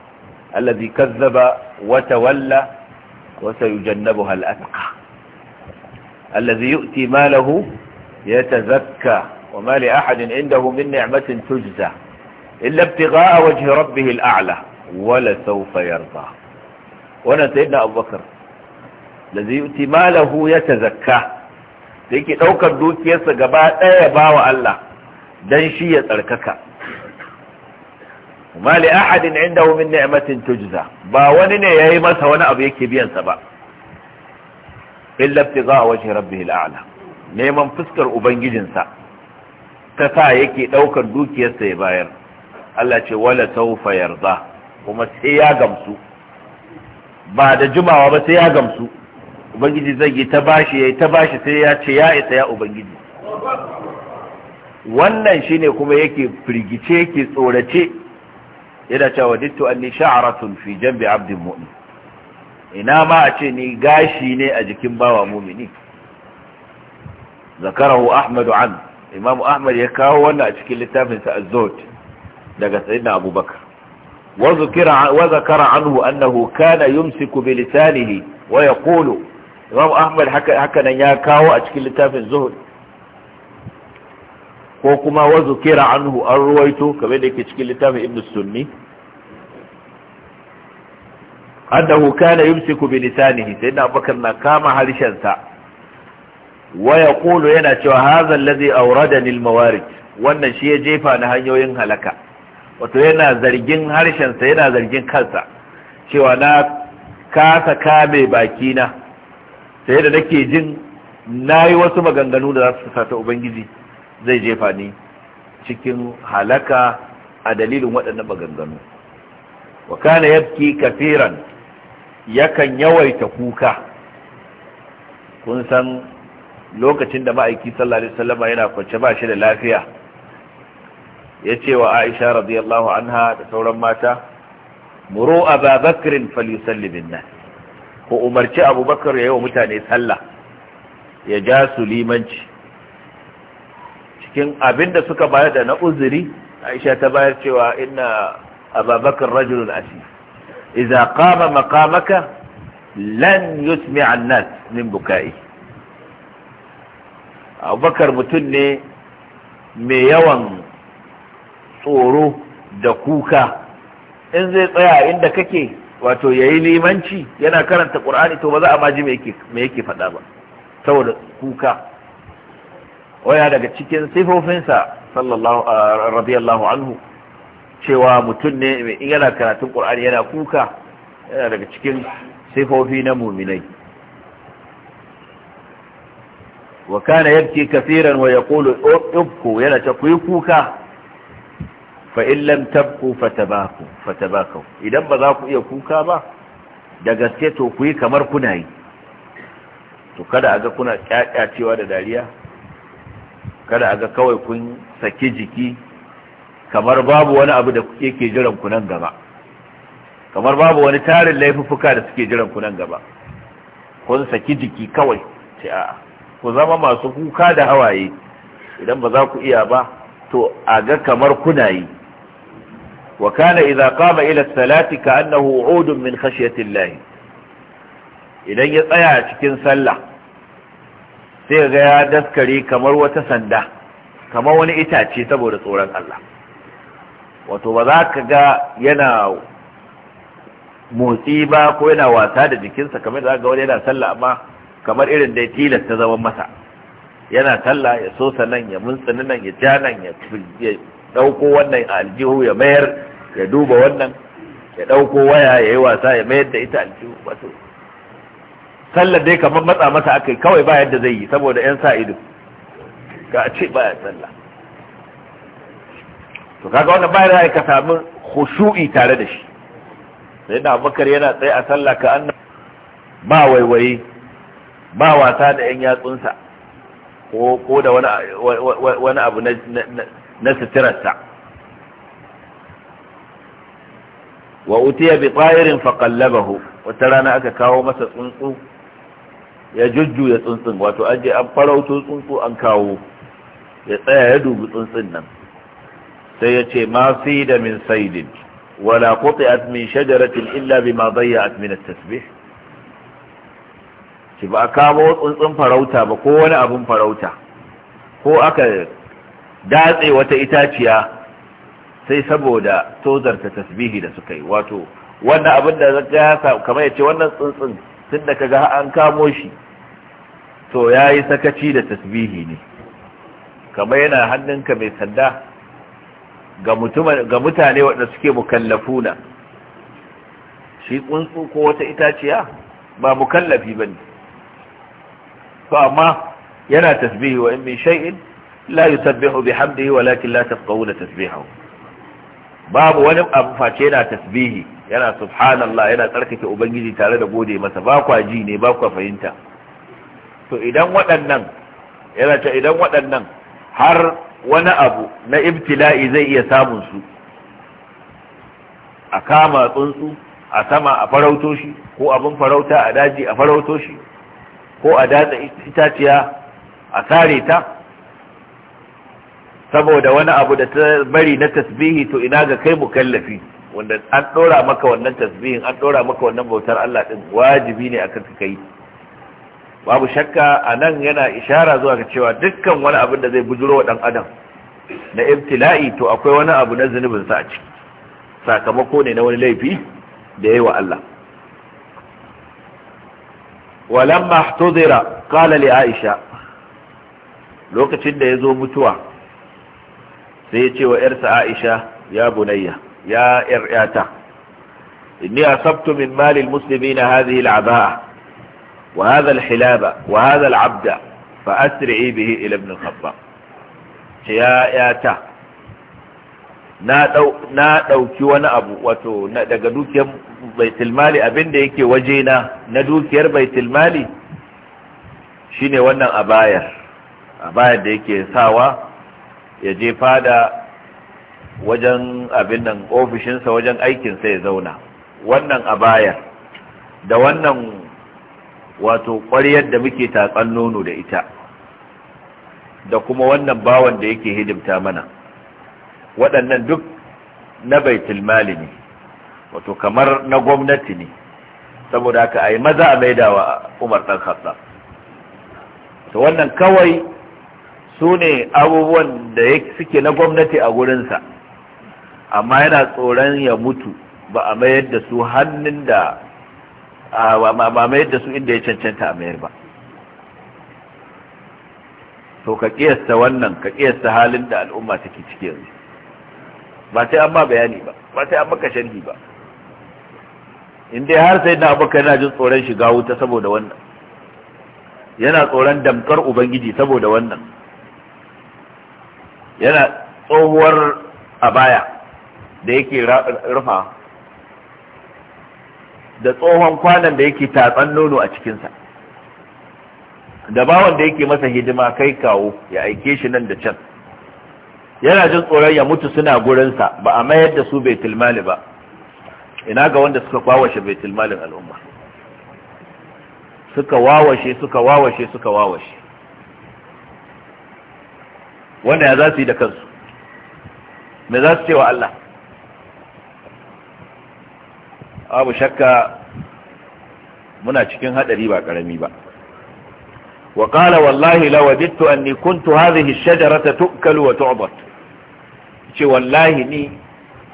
الذي كذب وتولى وسيجنبها الأتقى الذي يؤتي ماله يتزكى وما لأحد عنده من نعمة تجزى illa ibtigha'a wajhi rabbih al'a'la wala sawfa yarda wannan sayyidina abubakar lazi yuti malahu yatazakka da yake daukar dukiyarsa gaba daya bawa Allah dan shi ya tsarkaka ma li ahadin indahu min ni'matin tujza ba wani ne yayi masa wani abu yake biyansa sa ba illa ibtigha'a wajhi rabbih al'a'la neman fuskar ubangijinsa ta sa yake daukar dukiyarsa ya bayar Allah ce wala taufa yarda kuma sai ya gamsu ba da jimawa ba sai ya gamsu ubangiji zai yi ta bashi yayi ta bashi sai ya ce ya isa ya ubangiji wannan shine kuma yake firgice yake tsorace yana cewa dittu anni sha'ratun fi jambi abdin mu'min ina ma a ce ni gashi ne a jikin bawa mumini zakarahu ahmadu an imam ahmad ya kawo wannan a cikin littafinsa az zawj daga sayyidina abubakar wa zakara anhu annahu kana yumsiku bi lisanihi wa yaqulu imam ahmad haka nan ya kawo a cikin littafin zuhud ko kuma wa anhu an ruwaito kamar da yake cikin littafin sunni annahu kana yumsiku bi lisanihi sayyidina abubakar na kama harshen sa wa yaqulu yana cewa hadha alladhi awradani al-mawarid wannan shi ya jefa na hanyoyin halaka wato yana zargin harshensa yana zargin kansa cewa na kasa kame bakina sai da nake jin na yi wasu maganganu da za su sata ubangiji zai jefa ni cikin halaka a dalilin waɗannan maganganu wa kana yabki kafiran yakan yawaita kuka kun san lokacin da ma'aiki sallallahu alaihi wasallam yana kwance ba shi da lafiya ya ce wa aisha radiyallahu anha da sauran mata muro aba bakirin falisallimin nan ku umarci abubakar ya yi wa mutane sallah ya ja su limanci cikin abin da suka bayar da na uzuri aisha ta bayar cewa ina ababakar rajulun ashi. iza kama makamaka lan yusmi annas min buka'i abubakar mutum ne mai yawan tsoro da kuka in zai tsaya inda kake wato yayi limanci yana karanta qur'ani to ba za a ma ji me yake faɗa ba saboda kuka waya daga cikin sifofinsa sallallahu radiyallahu anhu cewa mutum ne in yana karatun qur'ani yana kuka yana daga cikin sifofi na muminai wa kana yabki kaseeran wa yaqulu ubku yana ta kuyi kuka fa in lam tabku fatabaku fatabaku idan ba za ku iya kuka ba da gaske to ku yi kamar kuna yi to kada a ga kuna cewa da dariya kada a ga kawai kun saki jiki kamar babu wani abu da yake jiran ku nan gaba kamar babu wani tarin laifuka da suke jiran ku nan gaba kun saki jiki kawai ce a'a ku zama masu kuka da hawaye idan ba za ku iya ba to a ga kamar kuna yi wa kana idza qama ila salati ka'annahu udun min khashyati Allah idan ya tsaya cikin sallah sai ga ya daskare kamar wata sanda kamar wani itace saboda tsoron Allah wato ba za ka ga yana motsi ba ko yana wasa da jikinsa kamar za ga wani yana sallah amma kamar irin da tilasta zaman masa yana sallah ya so nan ya muntsini nan ya ja nan ya dauko wannan aljihu ya bayar. ya duba wannan ya ɗauko waya ya yi wasa ya mayar da ita aljihu wato sallar dai kamar matsa masa yi, kawai ba yadda zai yi saboda 'yan sa ido ka ce ya sallah to kaga wannan bayan ya ka samu khushu'i tare da shi sai da bakar yana tsaye a sallah ka annan ba waiwaye ba wasa da 'yan yatsunsa ko da wani abu na suturarsa wa utiya bi tayirin fa qallabahu wata rana aka kawo masa tsuntsu ya jujju ya tsuntsun wato an je an farauto tsuntsu an kawo ya tsaya ya dubi tsuntsun nan sai ya ce ma fi da min saidin wala qati'at min shajaratin illa bima dayya'at min at-tasbih shi ba kawo tsuntsun farauta ba ko wani abun farauta ko aka datse wata itaciya sai saboda tozarta tasbihi da suka yi wato wannan abin da zaka kamar ya ce wannan tsuntsun tun da kaga an kamo shi to ya yi sakaci da tasbihi ne kamar yana hannunka mai sanda ga mutane waɗanda suke mukallafuna shi tsuntsu ko wata itaciya ba mukallafi ba ne to amma yana tasbihi wa in min shay'in la yusabbihu bihamdihi walakin la tafqahuna tasbihahu babu wani abu face yana tasbihi yana subhanallah yana tsarkake ubangiji tare da gode masa ba kwa ji ne ba kwa fahimta to idan waɗannan yana ce idan waɗannan har wani abu na ibtila'i zai iya samun su a kama tsuntsu a sama a farauto shi ko abin farauta a daji a farauto shi ko a datsa itaciya a sare ta saboda wani abu da ta bari na tasbihi to ina ga kai mukallafi wanda an dora maka wannan tasbihin an dora maka wannan bautar Allah din wajibi ne akan ka kai babu shakka anan yana ishara zuwa ga cewa dukkan wani abin da zai bujuro wa dan adam na ibtila'i to akwai wani abu na zunubin sa a ciki sakamako ne na wani laifi da yayi wa Allah walamma ihtudira qala li aisha lokacin da yazo mutuwa sai ya ce wa ‘yarsa Aisha ya bunayya, ya ‘yar'yata, inni sabtu min malil musulmi na hazihi al'aba'a, wa haza al'hilaba, wa haza al'abda, fa asiri bihi ilimin habba. Ce ya ‘yata, na ɗauki wani abu, wato, daga dukiyar baitulmali abinda yake waje na Na dukiyar baitulmali shine wannan abayar, abayar da yake sawa. ya je fada wajen abin nan ofishinsa wajen aikinsa ya zauna wannan a da wannan wato ƙwaryar da muke tatsan nono da ita da kuma wannan bawan da yake hidimta mana waɗannan duk na baitul mali ne wato kamar na gwamnati ne saboda haka a yi maza a maidawa umar ɗan khattab to wannan kawai su ne abubuwan da suke na gwamnati a gurinsa amma yana tsoron ya mutu ba a mayar da su hannun da ba mayar da su inda ya cancanta a mayar ba to ka kiyasta wannan ka kiyasta halin da al'umma take ciki yanzu ba sai an ma bayani ba ba sai an maka sharhi ba in dai har sai na abuka yana jin tsoron shiga wuta saboda wannan yana tsoron damkar ubangiji saboda wannan yana tsohuwar abaya da yake rufa da tsohon kwanan da yake tatsan nono a cikinsa da bawan da yake masa hidima kai kawo ya aike shi nan da can yana jin tsoron ya mutu suna gurinsa ba a mayar da su bai mali ba ina ga wanda suka kwawashe bai tilmalin al'umma suka wawashe suka wawashe suka wawashe wanda ya za su yi da kansu me za su ce wa Allah abu shakka muna cikin hadari ba karami ba wa qala wallahi law wajidtu anni kuntu hadhihi ash-shajarata tu'kalu wa tu'bat ce wallahi ni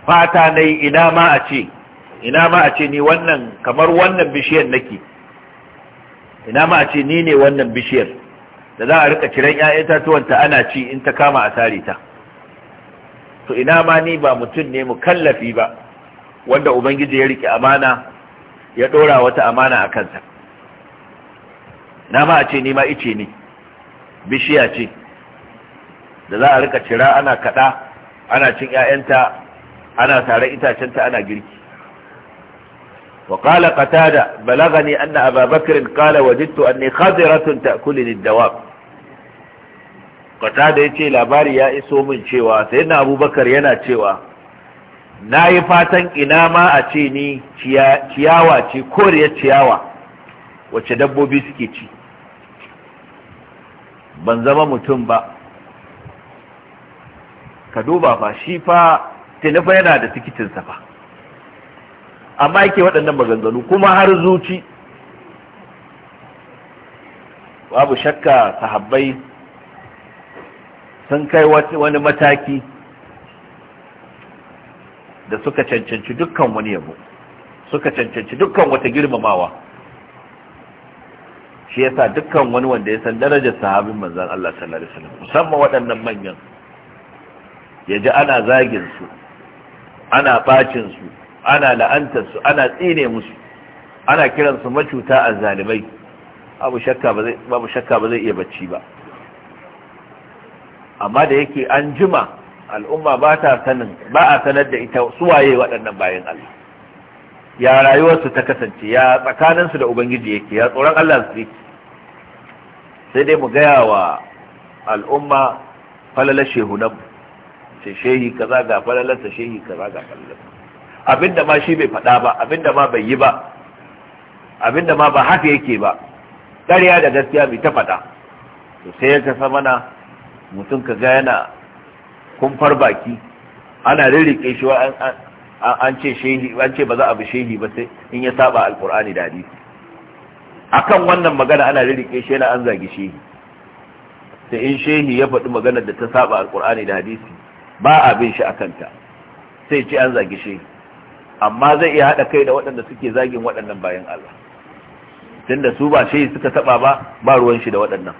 fata nayi ina ma a ce ina ma a ce ni wannan kamar wannan bishiyar nake ina ma a ce ni ne wannan bishiyar da za a rika kiran 'ya'yan itatuwan ta ana ci in ta kama a sare ta to ina ma ni ba mutum ne mukallafi ba wanda ubangiji ya rike amana ya dora wata amana a kansa na ma a ce ni ma ice ni, bishiya ce da za a rika cira ana kada ana cin 'ya'yanta ana tare itacenta ana girki وقال قتادة بلغني أن أبا بكر قال وجدت أني خضرة تأكلني الدواب kwata da ya ce labari ya iso min cewa sai na abubakar yana cewa na yi fatan ina ma a ce ni ciyawa ce koriya ciyawa wacce dabbobi suke ci ban zama mutum ba ka duba fa shi fa tinufa yana da tikitinsa fa amma yake waɗannan maganganu kuma har zuci babu shakka sahabbai sun kai wani mataki da suka cancanci dukkan wani yabo suka cancanci dukkan wata girmamawa shi yasa dukkan wani wanda ya san darajar sahabin manzan Allah sallallahu alaihi wasallam musamman waɗannan manyan ya ji ana zagin su ana bacin su ana la'antar su ana tsine musu ana kiransu macuta a zalimai babu shakka ba zai iya bacci ba amma da yake an jima al'umma ba ta sanin ba a sanar da ita suwaye waɗannan bayan Allah ya rayuwarsu ta kasance ya tsakaninsu da ubangiji yake ya tsoron Allah su sai dai mu gaya wa al'umma falalar shehunan ce shehi kaza ga ta shehi kaza ga Abin abinda ma shi bai faɗa ba abinda ma bai yi ba abinda ma ba haka yake ba ƙarya da gaskiya bai ta faɗa to sai ya kasa mana mutum ka ga yana kumfar baki ana rirrike shi an ce shehi an ce ba za a bi shehi ba sai in ya saba Alƙur'ani da hadisi akan wannan magana ana rirrike shi yana an zagi shehi sai in shehi ya faɗi maganar da ta saba Alƙur'ani da hadisi ba a bin shi akan ta sai ce an zagi shehi amma zai iya haɗa kai da waɗanda suke zagin waɗannan bayan Allah tunda su ba shehi suka taba ba ba ruwan shi da waɗannan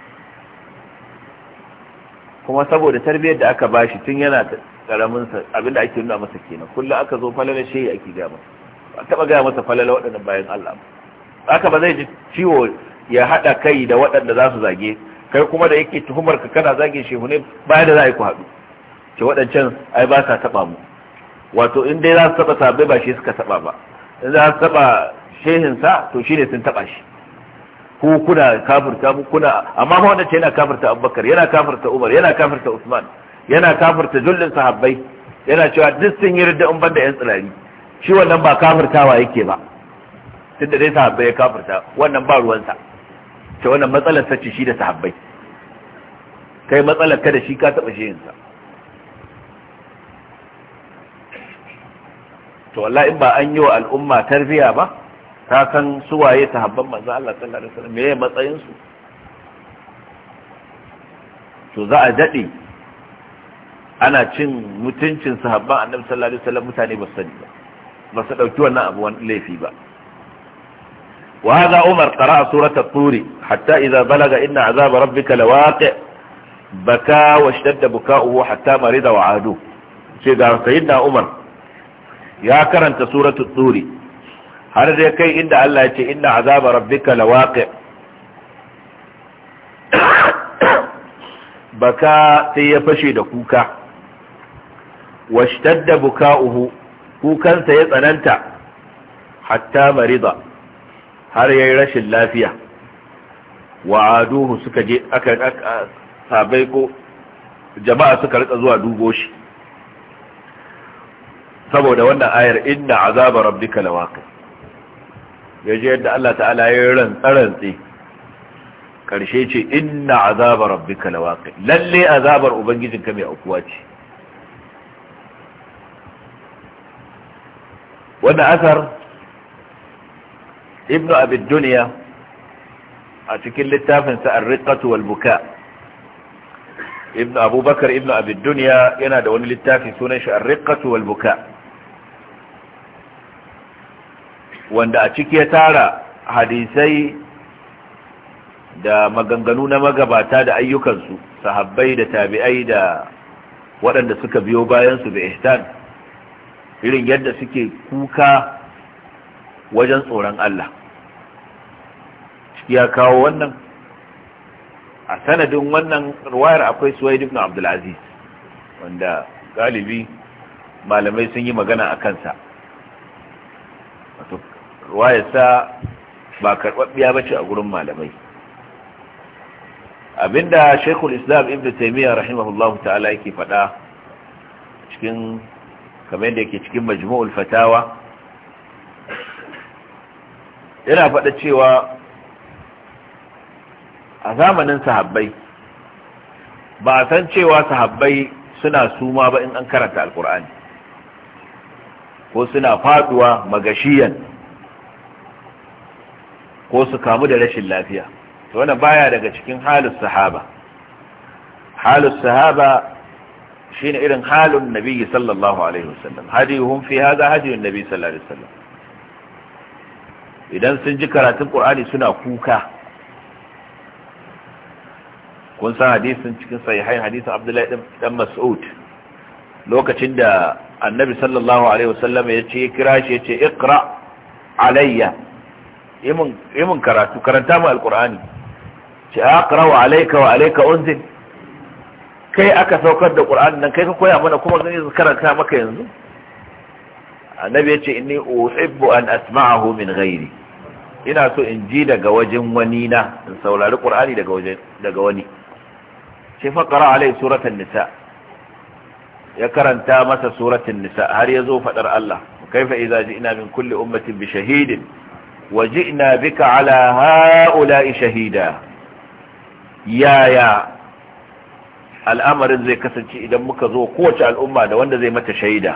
kuma saboda tarbiyyar da aka bashi tun yana karamin sa abinda ake nuna masa kenan kullum aka zo falala shehi ake ga masa ba taba ga masa falala waɗannan bayan Allah Aka ba zai ji ciwo ya hada kai da waɗanda za su zage kai kuma da yake tuhumar ka kana zage shehu ne bayan da za a yi ku haɗu ce waɗancan ai ba sa taba mu wato in dai za su taba sabai ba shi suka taba ba in za su taba shehin sa to ne sun taba shi ko kuna kafirta mu kuna amma fa wanda yana kafirta Abubakar yana kafirta Umar yana kafirta Usman yana kafirta dullin sahabbai yana cewa duk sun yi ridda banda yan tsirari shi wannan ba kafirtawa yake ba tunda dai sahabbai ya kafirta wannan ba ruwansa ce wannan matsalar sace shi da sahabbai kai matsalar ka da shi ka taɓa sa to wallahi in ba an yi wa al'umma tarbiya ba ka san suwaye sahabban manzo Allah sallallahu alaihi wasallam meye matsayin su to za a ana cin mutuncin sahabban annabi sallallahu alaihi wasallam mutane ba sani ba ba su dauki wannan abu wani laifi ba وهذا عمر قرأ سورة الطور حتى إذا بلغ إن عذاب ربك لواقع بكى واشتد بكاؤه حتى مرض وعادوه سيدنا عمر يا كرنت سورة الطور har zai kai inda Allah ya ce inna azaba rabbika lawaqi baka sai ya fashe da kuka washtadda buka'uhu kukansa ya tsananta hatta marida har yayi rashin lafiya wa'aduhu suka je aka sabai ko jama'a suka rika zuwa dubo shi saboda wannan ayar inna azaba rabbika lawaqi ya je yadda Allah ta'ala ya yi rantsarantsi karshe ce inna azaba rabbika lawaqi lalle azabar ubangijinka mai aukuwa ce wanda asar ibnu abid dunya a cikin littafin sa ar-riqatu wal buka ibnu abubakar ibnu abid dunya yana da wani littafi sunan shi ar-riqatu wal buka wanda a ciki ya tara hadisai da maganganu na magabata da ayyukansu sahabbai da tabi'ai da waɗanda suka biyo bayansu da ihsan irin yadda suke kuka wajen tsoron Allah ya kawo wannan a sanadin wannan ruwayar akwai suwaid ibn abdulaziz wanda galibi malamai sun yi magana a kansa ruwayarsa ba karɓaɓɓiya ba ce a gurin malamai abinda shekul islam ibn taimiyya rahimahullahu ta'ala yake faɗa cikin kamar da yake cikin majmu'ul fatawa yana faɗa cewa a zamanin sahabbai ba a san cewa sahabbai suna suma ba in an karanta alkur'ani ko suna faduwa magashiyan ko su kamu da rashin lafiya to baya daga cikin halin sahaba halin sahaba shine irin halin nabi sallallahu alaihi wasallam hadihum fi hadha hadiyun nabi sallallahu alaihi wasallam idan sun ji karatun qur'ani suna kuka kun san hadisin cikin sahihain hadisin abdullahi dan mas'ud lokacin da annabi sallallahu alaihi wasallam ya ce kira shi ya ce iqra alayya yi mun karatu karanta mu alkur'ani ce aqra'u alayka wa alayka unzil kai aka saukar da qur'ani nan kai ka koya mana kuma zan yi karanta maka yanzu annabi ya ce inni uhibbu an asma'ahu min ghairi ina so in ji daga wajen wani na in saurari qur'ani daga wajen daga wani sai fa qara alai suratul nisa ya karanta masa suratul nisa har ya zo fadar Allah kaifa idza ina min kulli ummatin bi shahidin وجئنا بك على هؤلاء شهيدا يا يا al'amarin zai kasance idan muka zo kowace al'umma da wanda zai mata shaida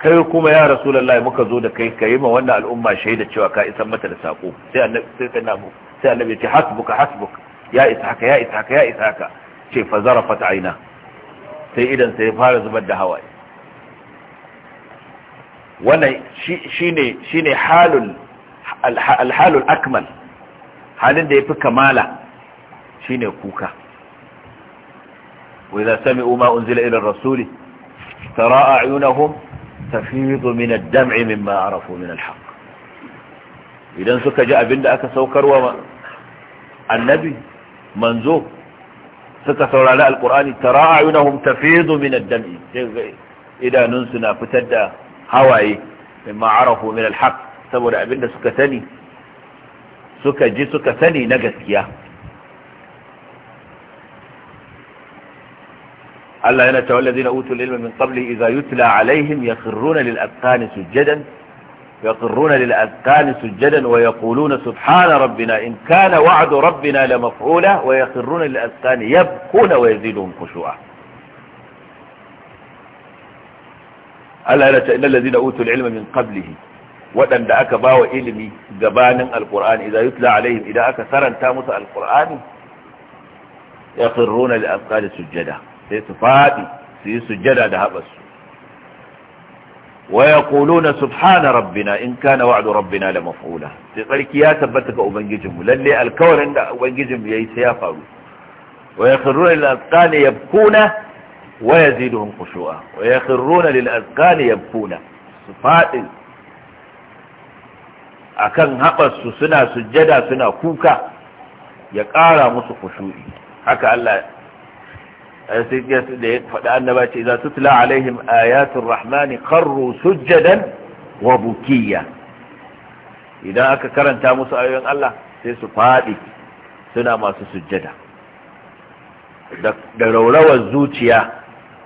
kai kuma ya rasulullahi muka zo da kai kai ma wannan al'umma shaida cewa ka isan mata da sako sai annabi sai kana mu sai annabi ce hasbuka hasbuka ya isa haka ya isa haka ya isa haka ce fa zarafat aina sai idan sai fara zubar da hawaye wannan shine shine halul alhalul akmal halin da ya fi kamala shine kuka وإذا سمعوا ما أنزل إلى الرسول ترى أعينهم تفيض من الدمع مما عرفوا من الحق إذا سك جاء بند أكا سوكر وما النبي منزوه سك سورالاء القرآن ترى أعينهم تفيض من الدمع إذا ننسنا فتد هواي مما عرفوا من الحق saboda abinda suka sani suka ji suka sani na gaskiya Allah yana cewa allazina utul ilma min qabli idza yutla alaihim yakhruna lil azqani sujadan yakhruna lil sujadan wa yaquluna subhana rabbina in kana wa'du rabbina la maf'ula wa yakhruna lil ربنا yabkuna wa للأذكان khushu'a Allah yana ألا إن الذين أوتوا العلم min qablihi waɗanda aka ba wa ilimi gabanin Alƙur'ani idan yutla alaihim idan aka saranta musu Alƙur'ani ya firruna da asali sujjada sai su faɗi su yi sujjada da haɓarsu waya kuluna subhana rabbina in kana wa'adu rabbina da mafula sai tsarki ya tabbata ga ubangijinmu lalle alkawarin da ubangijinmu ya yi sai ya faru waya firruna da asali ya kuna waya zidon kushu'a waya firruna da asali ya kuna su faɗi akan haɓarsu suna sujjada suna kuka ya ƙara musu kushu'i haka Allah eh, da ya faɗi annaba ce za tutla alaihim ayatun rahmani karru sujjadan wa bukiya idan aka karanta musu ayoyin Allah sai su faɗi suna masu sujjada da raurawar zuciya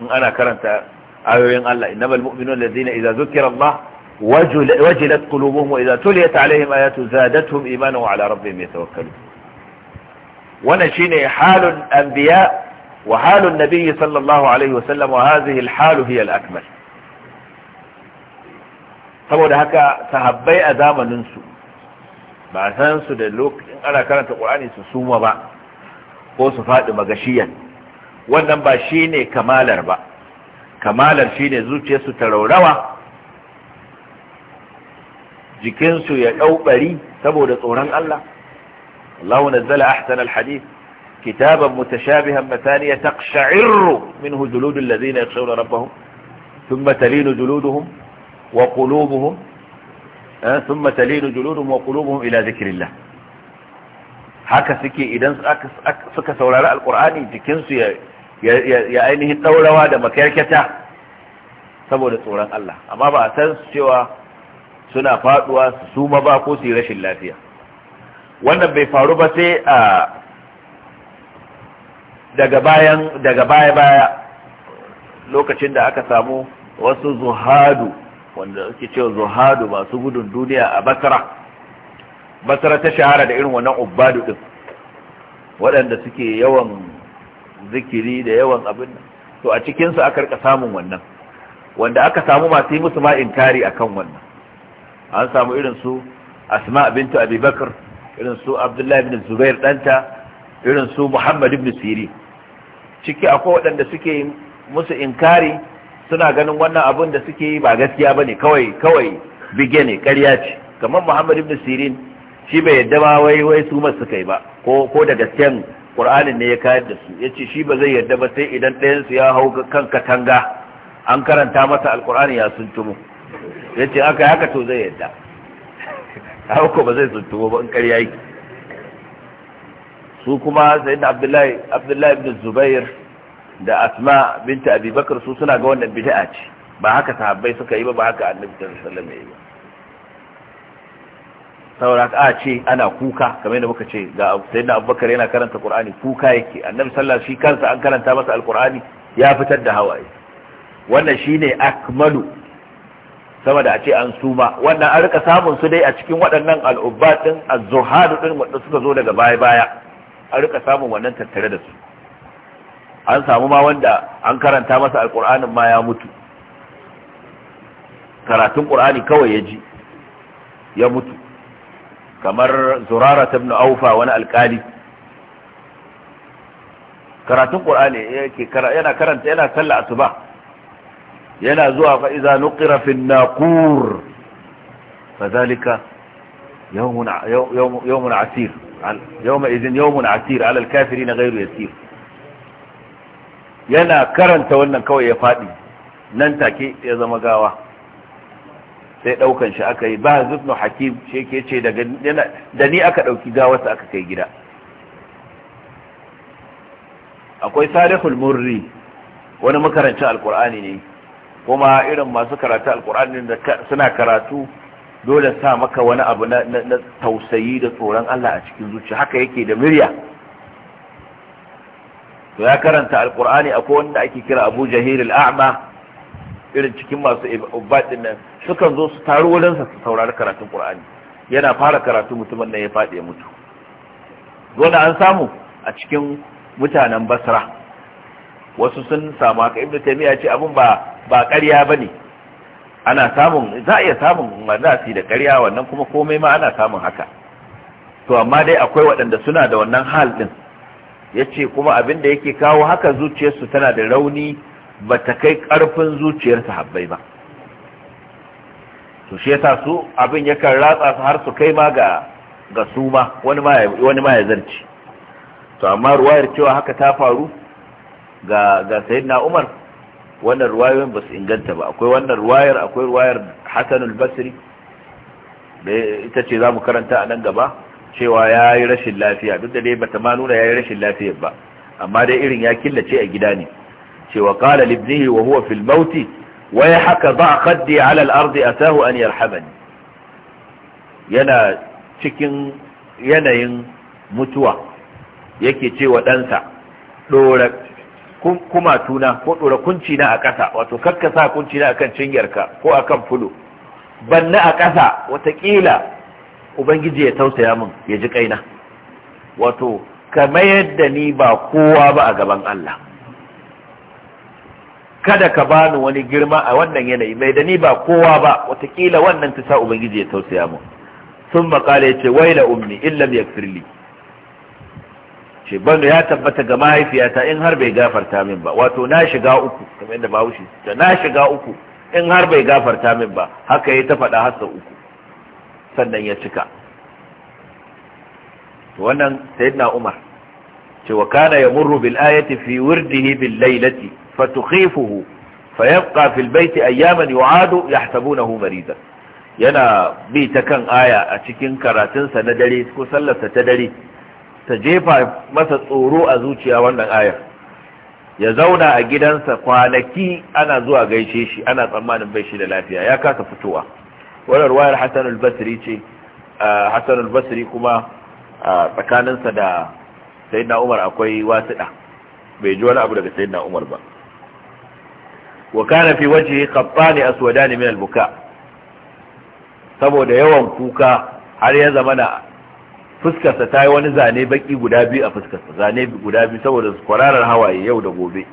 in ana karanta ayoyin Allah innamal mu'minun ladina idza zukira Allah wajilat qulubuhum wa idza tuliyat alaihim ayatu zadatuhum imanan wa wannan shine halun anbiya wa halun nabiy sallallahu alaihi wa sallam wa hadhihi al halu saboda haka sahabbai a zamanin su ba san da lokacin ana karanta ƙur'ani su suma ba ko su faɗi magashiyan wannan ba shine kamalar ba kamalar shine zuciyarsu ta raurawa jikinsu ya ɗauɓari saboda tsoron Allah Allah nazzala ahsan alhadith kitaban mutashabihan mataniya taqsha'irru minhu juludul ladhina yakhshawna rabbahum thumma talinu juluduhum wa qulubuhum thumma talinu juluduhum wa qulubuhum ila dhikrillah haka suke idan suka saurari alqur'ani jikinsu ya ya ainihin daurawa da makarkata saboda tsoron Allah amma ba a san cewa suna faduwa su suma ba ko su yi rashin lafiya wannan bai faru ba sai a daga bayan daga baya baya lokacin da aka samu wasu zuhadu wanda suke cewa zuhadu masu gudun duniya a basra basra ta shahara da irin wannan ubbadu din waɗanda suke yawan zikiri da yawan abin to a cikinsu aka rika samun wannan wanda aka samu masu yi musu ma inkari akan wannan an samu irin su asma bintu abi bakr irin su abdullahi bin zubair danta irin su muhammad ibn sirin ciki akwai waɗanda suke musu inkari suna ganin wannan abun da suke yi ba gaskiya bane kawai kawai bige ne ƙarya ce kamar muhammad ibn sirin shi bai yadda ba wai wai su masu kai ba ko ko da gaskiyan qur'anin ne ya kayar da su ce shi ba zai yadda ba sai idan ɗayan su ya hau kan katanga an karanta masa alqur'ani ya suntumo ya ce aka haka to zai yadda haka ba zai tuntubo ba in karya yi su kuma sai da abdullahi abdullahi ibn zubair da asma binta abubakar su suna ga wannan bid'a ce ba haka sahabbai suka yi ba ba haka annabi sallallahu alaihi wasallam ya yi ba saura ka ce ana kuka kamar yadda muka ce ga sayyidina abubakar yana karanta qur'ani kuka yake annabi sallallahu alaihi wasallam shi kansa an karanta masa alqur'ani ya fitar da hawaye wannan shine akmalu sama da a ce an suma wannan an rika samun su dai a cikin waɗannan al'ubba a az-zuhadu ɗin wanda suka zo daga baya baya an rika samun wannan tattare da su an samu ma wanda an karanta masa Alƙur'anin ma ya mutu karatun ƙur'ani kawai ya ji ya mutu kamar zurara ibn aufa wani alƙali. karatun ƙur'ani yana karanta yana sallah asuba yana zuwa fa iza nuqira fi naqur fadhalika yawmun yawmun asir yawma idin yawmun asir ala ghayru yasir yana karanta wannan kawai ya faɗi, nan take ya zama gawa sai daukan shi aka yi ba zubnu hakim shi yake ce da ni aka dauki gawarsa aka kai gida akwai salihul murri wani makarancin alkur'ani ne kuma irin masu karatu alkur'ani da suna karatu dole sa maka wani abu na tausayi da tsoron Allah a cikin zuciya haka yake da murya to ya karanta alkur'ani akwai wanda ake kira Abu Jahir al-A'ma irin cikin masu ibadin nan sukan zo su taru wurin sa su saurari karatun Qur'ani yana fara karatu mutumin nan ya fadi ya mutu dole an samu a cikin mutanen Basra wasu sun samu haka ibnu taymiya ce abun ba ba ƙarya bane ana samun za a iya samun mazasi da ƙarya wannan kuma komai ma ana samun haka to amma dai akwai waɗanda suna da wannan hal din yace kuma abin da yake kawo haka zuciyarsu tana da rauni ba ta kai ƙarfin zuciyar su habbai ba to shi yasa su abin yakan ratsa su har su kai ma ga ga su ma wani ma ya zarci to amma ruwayar cewa haka ta faru ga ga sayyidina Umar wannan ruwayoyin ba su inganta ba akwai wannan ruwayar akwai ruwayar Hassan al-Basri da ita ce zamu karanta a nan gaba cewa yayi rashin lafiya duk da dai bata ma nuna yayi rashin lafiya ba amma dai irin ya killace a gida ne cewa qala libnihi wa huwa fil maut wa yahaka ba khaddi ala al-ardi atahu an yarhamani yana cikin yanayin mutuwa yake cewa ɗansa ɗora kumatuna ko ɗora na a ƙasa wato kakka sa kunci na akan cinyarka ko akan fulo banna a ƙasa watakila ubangiji ya tausaya min ya ji kaina wato ka mayar ni ba kowa ba a gaban Allah kada ka bani wani girma a wannan yanayi mai da ni ba kowa ba watakila wannan ta sa ubangiji ya tausaya min sun makala ya ce waila ummi illam yakfirli ce ya tabbata ga mahaifiyata in har bai gafarta min ba wato na shiga uku kamar yadda bahaushe da na shiga uku in har bai gafarta min ba haka ya ta faɗa hasa uku sannan ya cika wannan sayyidina umar ce wa kana yamurru bil ayati fi wirdihi bil lailati fatukhifuhu fayabqa fil bayti ayyaman yu'adu yahsabunahu maridan yana bi ta kan aya a cikin karatunsa na dare ko sallarsa ta dare ta jefa masa tsoro a zuciya wannan ayar ya zauna a gidansa kwanaki ana zuwa gaishe shi ana tsammanin bai shi da lafiya ya kasa fitowa wannan ruwayar Hassan al ce Hassan al-Basri kuma tsakaninsa da Sayyidina Umar akwai wasiɗa bai ji wani abu daga Sayyidina Umar ba wa kana fi ne a aswadani min al-buka saboda yawan kuka har ya zama na fuskarsa ta yi wani zane baki guda biyu a fuskarsa zane guda biyu saboda kwararar hawaye yau da gobe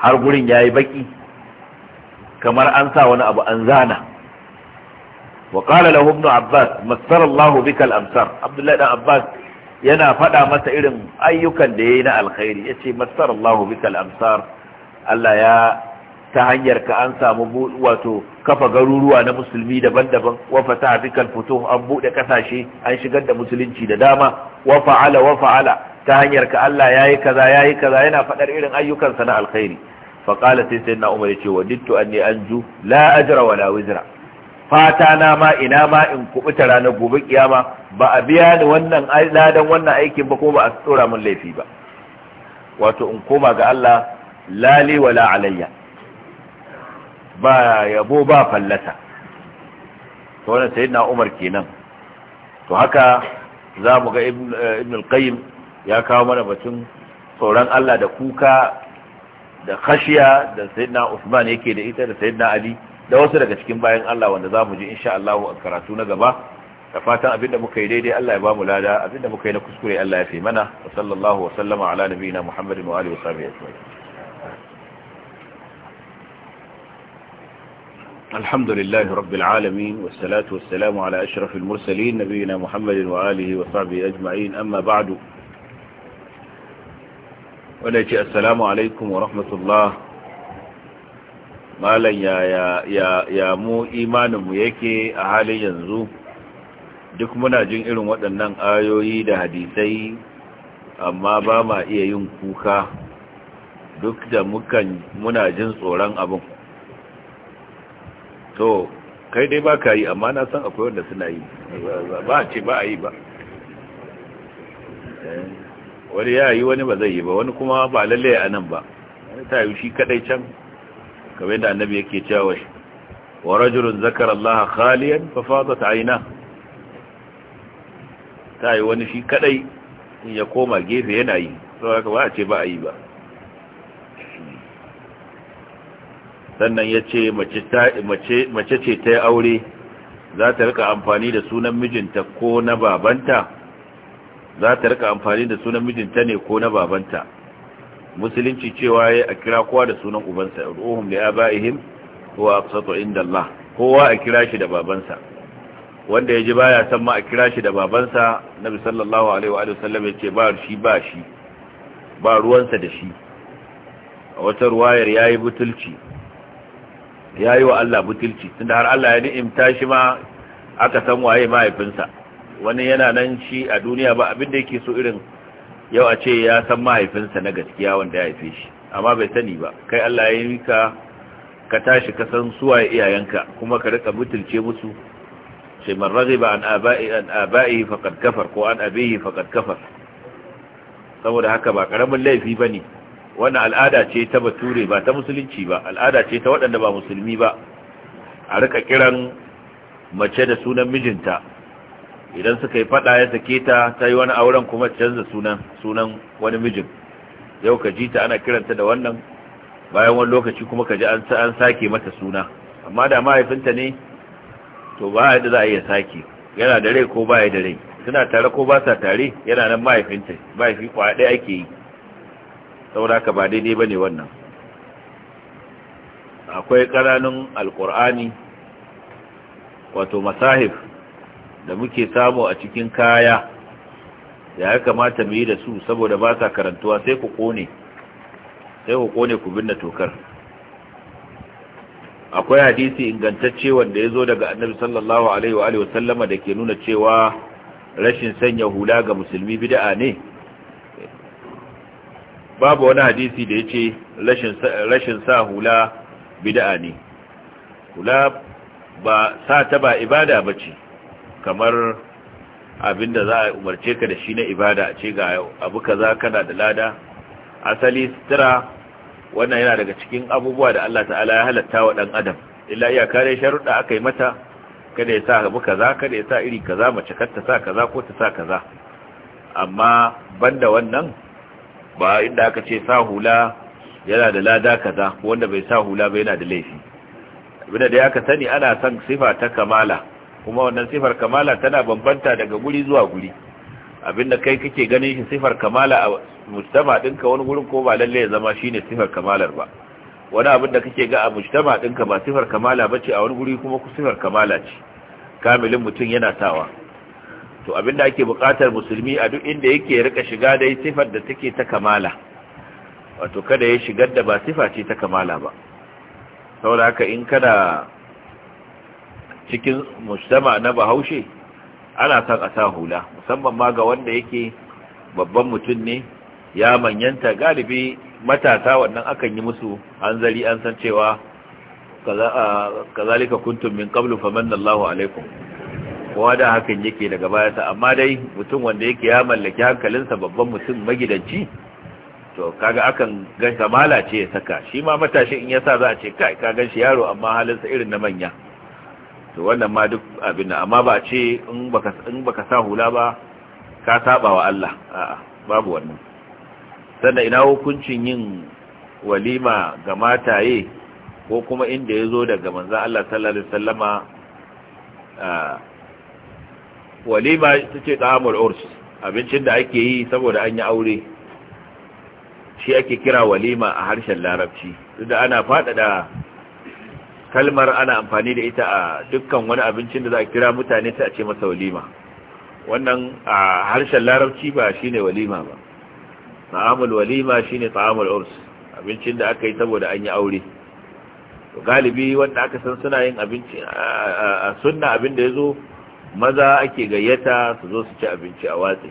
har gurin ya yi baki kamar an sa wani abu an zana wa qala lahu abbas masarallahu bikal amsar abdullahi dan abbas yana faɗa masa irin ayyukan da yayi na alkhairi ya ce masarallahu bika amsar allah ya ta hanyar ka an samu wato kafa garuruwa na musulmi daban-daban wafa fataha bikal fito an bude kasashe an shigar da musulunci da dama wa fa'ala wa fa'ala ta hanyar ka Allah yayi kaza yayi kaza yana faɗar irin ayyukan sa na alkhairi fa qala sai na umar yace wa dittu anju la wa la fata na ma ina ma in kubuta ranar gobe kiyama ba a biya ni wannan ladan wannan aikin ba ko ba a tsora min laifi ba wato in koma ga Allah lali wala alayya ba yabo ba fallata to wannan sayyidina Umar kenan to haka za mu ga ibn eh, al-qayyim ya kawo mana batun tsoron Allah da kuka da khashiya da sayyidina Uthman yake da ita da sayyidina Ali da wasu daga cikin bayan Allah wanda za mu ji insha Allah a karatu na gaba da fatan abinda muka yi daidai Allah ya ba mu lada abinda muka yi na kuskure Allah ya fi mana wa sallallahu wa sallama ala nabiyina Muhammadin wa alihi wa sahbihi ajma'in الحمد لله رب العالمين والصلاة والسلام على أشرف المرسلين نبينا محمد وآله وصحبه أجمعين أما بعد ولكي السلام عليكم ورحمة الله ما لن يا, يا, يا, يا مو إيمان ميكي أهالي ينزو duk muna jin irin waɗannan ayoyi da hadisai amma ba ma iya yin kuka duk da mukan muna jin tsoron abin to kai dai ba ka yi amma na san akwai wanda suna yi ba a ce ba a yi ba eh, wani ya yi wani ba zai yi ba wani kuma ba lalle a nan ba ta yi shi kadai can kamar yadda annabi yake cewa wa rajulun zakar Allah khaliyan fa fadat ayna ta yi wani shi kadai in ya koma gefe yana yi haka ba a ce ba a yi ba sannan ya ce mace ce ta yi aure za ta rika amfani da sunan mijinta ko na babanta za ta rika amfani da sunan mijinta ne ko na babanta musulunci cewa ya a kira kowa da sunan ubansa ruhun da abaihim a aqsatu inda Allah kowa a kira shi da babansa wanda ya ji baya san ma a kira shi da babansa na bisallallahu alaihi wa sallam ya ce ba shi ba shi ba ruwansa da shi a wata ruwayar ya yi butulci ya yi wa Allah butulci tunda har Allah ya ni'imta shi ma aka san waye mahaifinsa wani yana nan shi a duniya ba abin da yake so irin yau a ce ya san mahaifinsa na gaskiya wanda ya haife shi amma bai sani ba kai Allah ya yi ka ka tashi ka san suwaye iyayenka kuma ka rika butulce musu ce man ragiba an aba'i an aba'i faqad kafar ko an abihi faqad kafar saboda haka ba karamin laifi bane wannan al'ada ce ta bature ba ta musulunci ba al'ada ce ta waɗanda ba musulmi ba a rika kiran mace da sunan mijinta idan suka yi fada ya sake ta ta yi wani auren kuma canza sunan sunan wani mijin yau ka ji ta ana kiranta da wannan bayan wani lokaci kuma ka ji an sake mata suna amma da mahaifinta ne to ba yadda za a iya sake yana da rai ko ba ya da rai suna tare ko ba sa tare yana nan mahaifinta mahaifi kwaɗe ake yi saboda ka ba daidai ba ne wannan akwai ƙananun alƙur'ani wato masahif da muke samu a cikin kaya da ya kamata mu yi da su saboda ba sa karantuwa sai ku kone sai ku kone ku binne tokar akwai hadisi ingantacce wanda ya zo daga annabi sallallahu alaihi wa sallama da ke nuna cewa rashin sanya hula ga musulmi bida'a ne babu wani hadisi da ya ce rashin sa hula bida'a ne hula ba sa ta ba ibada ba ce kamar abinda za a umarce ka da shi na ibada a ce ga abu kaza kana da lada asali sutura wannan yana daga cikin abubuwa da Allah ta'ala ya halatta wa ɗan adam illa iya kare sharuɗa aka yi mata kada ya sa abu kaza kada ya sa iri kaza mace kar ta sa kaza ko ta sa kaza amma banda wannan ba inda aka ce sa hula yana da lada kaza ko wanda bai sa hula ba yana da laifi Abin da ka sani ana son sifa ta kamala kuma wannan sifar kamala tana bambanta daga guri zuwa guri abinda kai kake ganin shi sifar kamala a mujtama dinka wani gurin ko ba lalle ya zama shine sifar kamalar ba wani abin da kake ga a mujtama dinka ba sifar kamala bace a wani guri kuma ku sifar kamala ce kamilin mutum yana sawa to abinda ake buƙatar musulmi a duk inda yake rika shiga dai sifar da take ta kamala wato kada ya shigar da ba sifa ce ta kamala ba saboda haka in kana cikin mujtama na bahaushe ana son a sa hula musamman ma ga wanda yake babban mutum ne ya manyanta galibi matasa wannan akan yi musu hanzari an san cewa kazalika kuntum min qablu famanallahu alaikum kowa da hakan yake daga bayansa amma dai mutum wanda yake ya mallaki hankalinsa babban mutum magidanci to kaga akan ga samala ce ya saka shi ma matashi in ya za a ce kai ka gan shi yaro amma halinsa irin na manya to wannan ma duk abin amma ba ce in baka in baka sa hula ba ka saba wa Allah a'a babu wannan sannan ina hukuncin yin walima ga mataye ko kuma inda ya zo daga manzan Allah sallallahu Alaihi wasallama walima ta ce ta'amul ors abincin da ake yi saboda an yi aure shi ake kira walima a harshen larabci da ana faɗaɗa kalmar ana amfani da ita a dukkan wani abincin da za a kira mutane ta a ce masa walima wannan a harshen larabci ba shi ne walima ba ta'amul walima shi ne ta'amul ors abincin da aka yi saboda an yi aure galibi wanda aka san suna yin abinci a sunna abin da ya zo maza ake gayyata su zo su ci abinci a watsi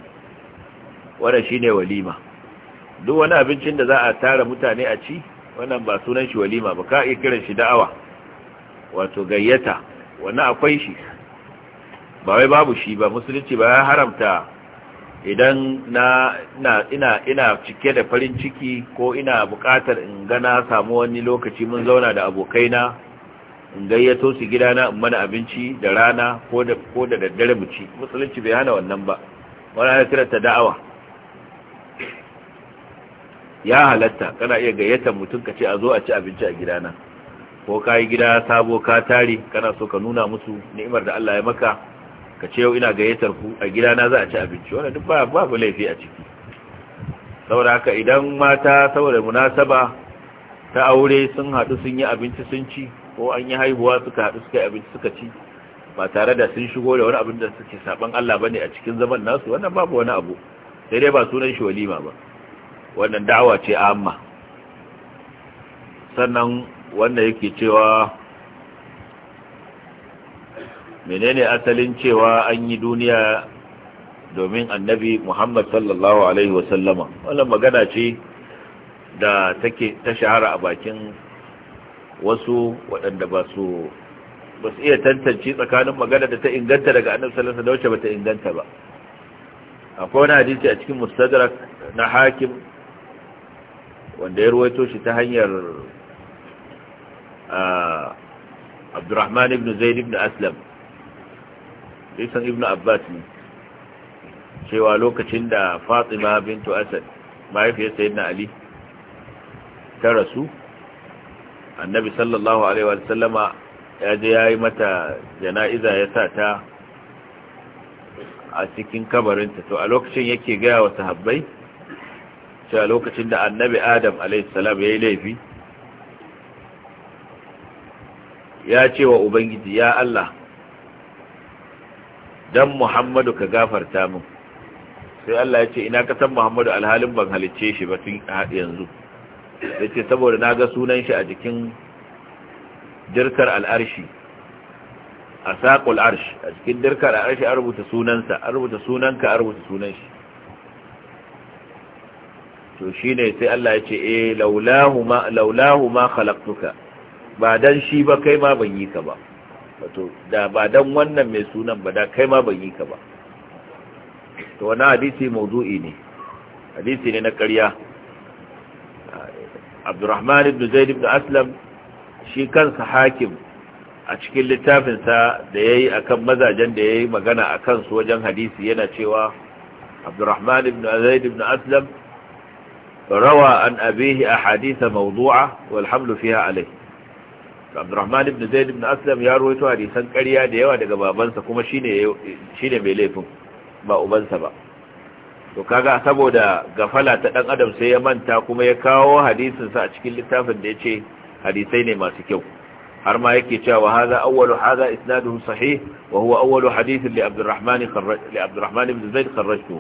wannan shine walima duk wani abincin da za a tara mutane a ci wannan ba sunan shi walima ba ka iya kiran shi da'awa wato gayyata wannan akwai shi ba wai babu shi ba musulunci ba ya haramta idan na ina ina ina cike da farin ciki ko ina bukatar in gana samu wani lokaci mun zauna da abokaina in gayyato su gidana in mana abinci da rana ko da daddare mu ci musulunci bai hana wannan ba wani ana ta da'awa ya halatta kana iya gayyatar mutum ka ce a zo a ci abinci a gidana ko ka yi gida sabo ka tare kana so ka nuna musu ni'imar da Allah ya maka ka ce yau ina gayyatar ku a gidana za a ci abinci wannan duk ba babu laifi a ciki saboda haka idan mata saboda munasaba ta aure sun haɗu sun yi abinci sun ci ko an yi haihuwa suka haɗu suka abinci suka ci ba tare da sun shigo da wani abin da suke saban Allah bane a cikin zaman nasu wannan babu wani abu sai dai ba sunan shi walima ba wannan da'awa ce amma sannan wanda yake cewa menene asalin cewa an yi duniya domin annabi Muhammad sallallahu alaihi wasallama wannan magana ce da take ta shahara a bakin wasu waɗanda ba su ba su iya tantance tsakanin magana da ta inganta daga annabi sallallahu alaihi wasallam ta inganta ba akwai wani hadisi a cikin mustadrak na hakim wanda ya ruwaito shi ta hanyar Abdurrahman ibn Zaid ibn Aslam Isan ibn Abbas ne cewa lokacin da Fatima bintu Asad mahaifiyar Sayyidina Ali ta rasu annabi sallallahu alaihi wa sallama ya je ya yi mata jana'iza ya sa ta a cikin kabarinta to a lokacin yake gaya wa sahabbai a lokacin da annabi adam alaihi salam ya yi laifi ya ce wa ubangiji ya Allah dan muhammadu ka gafarta min sai Allah ya ce ina ka san muhammadu alhalin ban halicce shi ba tun yanzu ya ce saboda na ga sunan shi a jikin dirkar al'arshi a saƙul arshi a cikin dirkar al'arshi an rubuta sunansa an rubuta sunanka an rubuta sunan shi to shi ne sai Allah ya ce eh laulahu ma khalaqtuka ba dan shi ba kai ma ban yi ka ba wato da ba dan wannan mai sunan ba da kai ma ban yi ka ba to wani hadisi mawdu'i ne hadisi ne na ƙarya abdurrahman ibn zaid ibn aslam shi kansa hakim a cikin littafinsa da ya yi a kan mazajen da ya yi magana a kansu wajen hadisi yana cewa abdurrahman ibn zaid ibn aslam rawa an abihi a hadisa mawdu'a walhamlu fiha alai abdurrahman ibn zaid ibn aslam ya rawaito hadisan ƙarya da yawa daga babansa kuma shine mai laifin ba ubansa ba to kaga saboda gafala ta dan adam sai ya manta kuma ya kawo hadisin sa a cikin littafin da yace hadisai ne masu kyau har ma yake cewa hadha awwalu hadha isnaduhu sahih wa huwa awwalu hadith li Abdurrahman li Abdurrahman ibn Zaid kharrajtuhu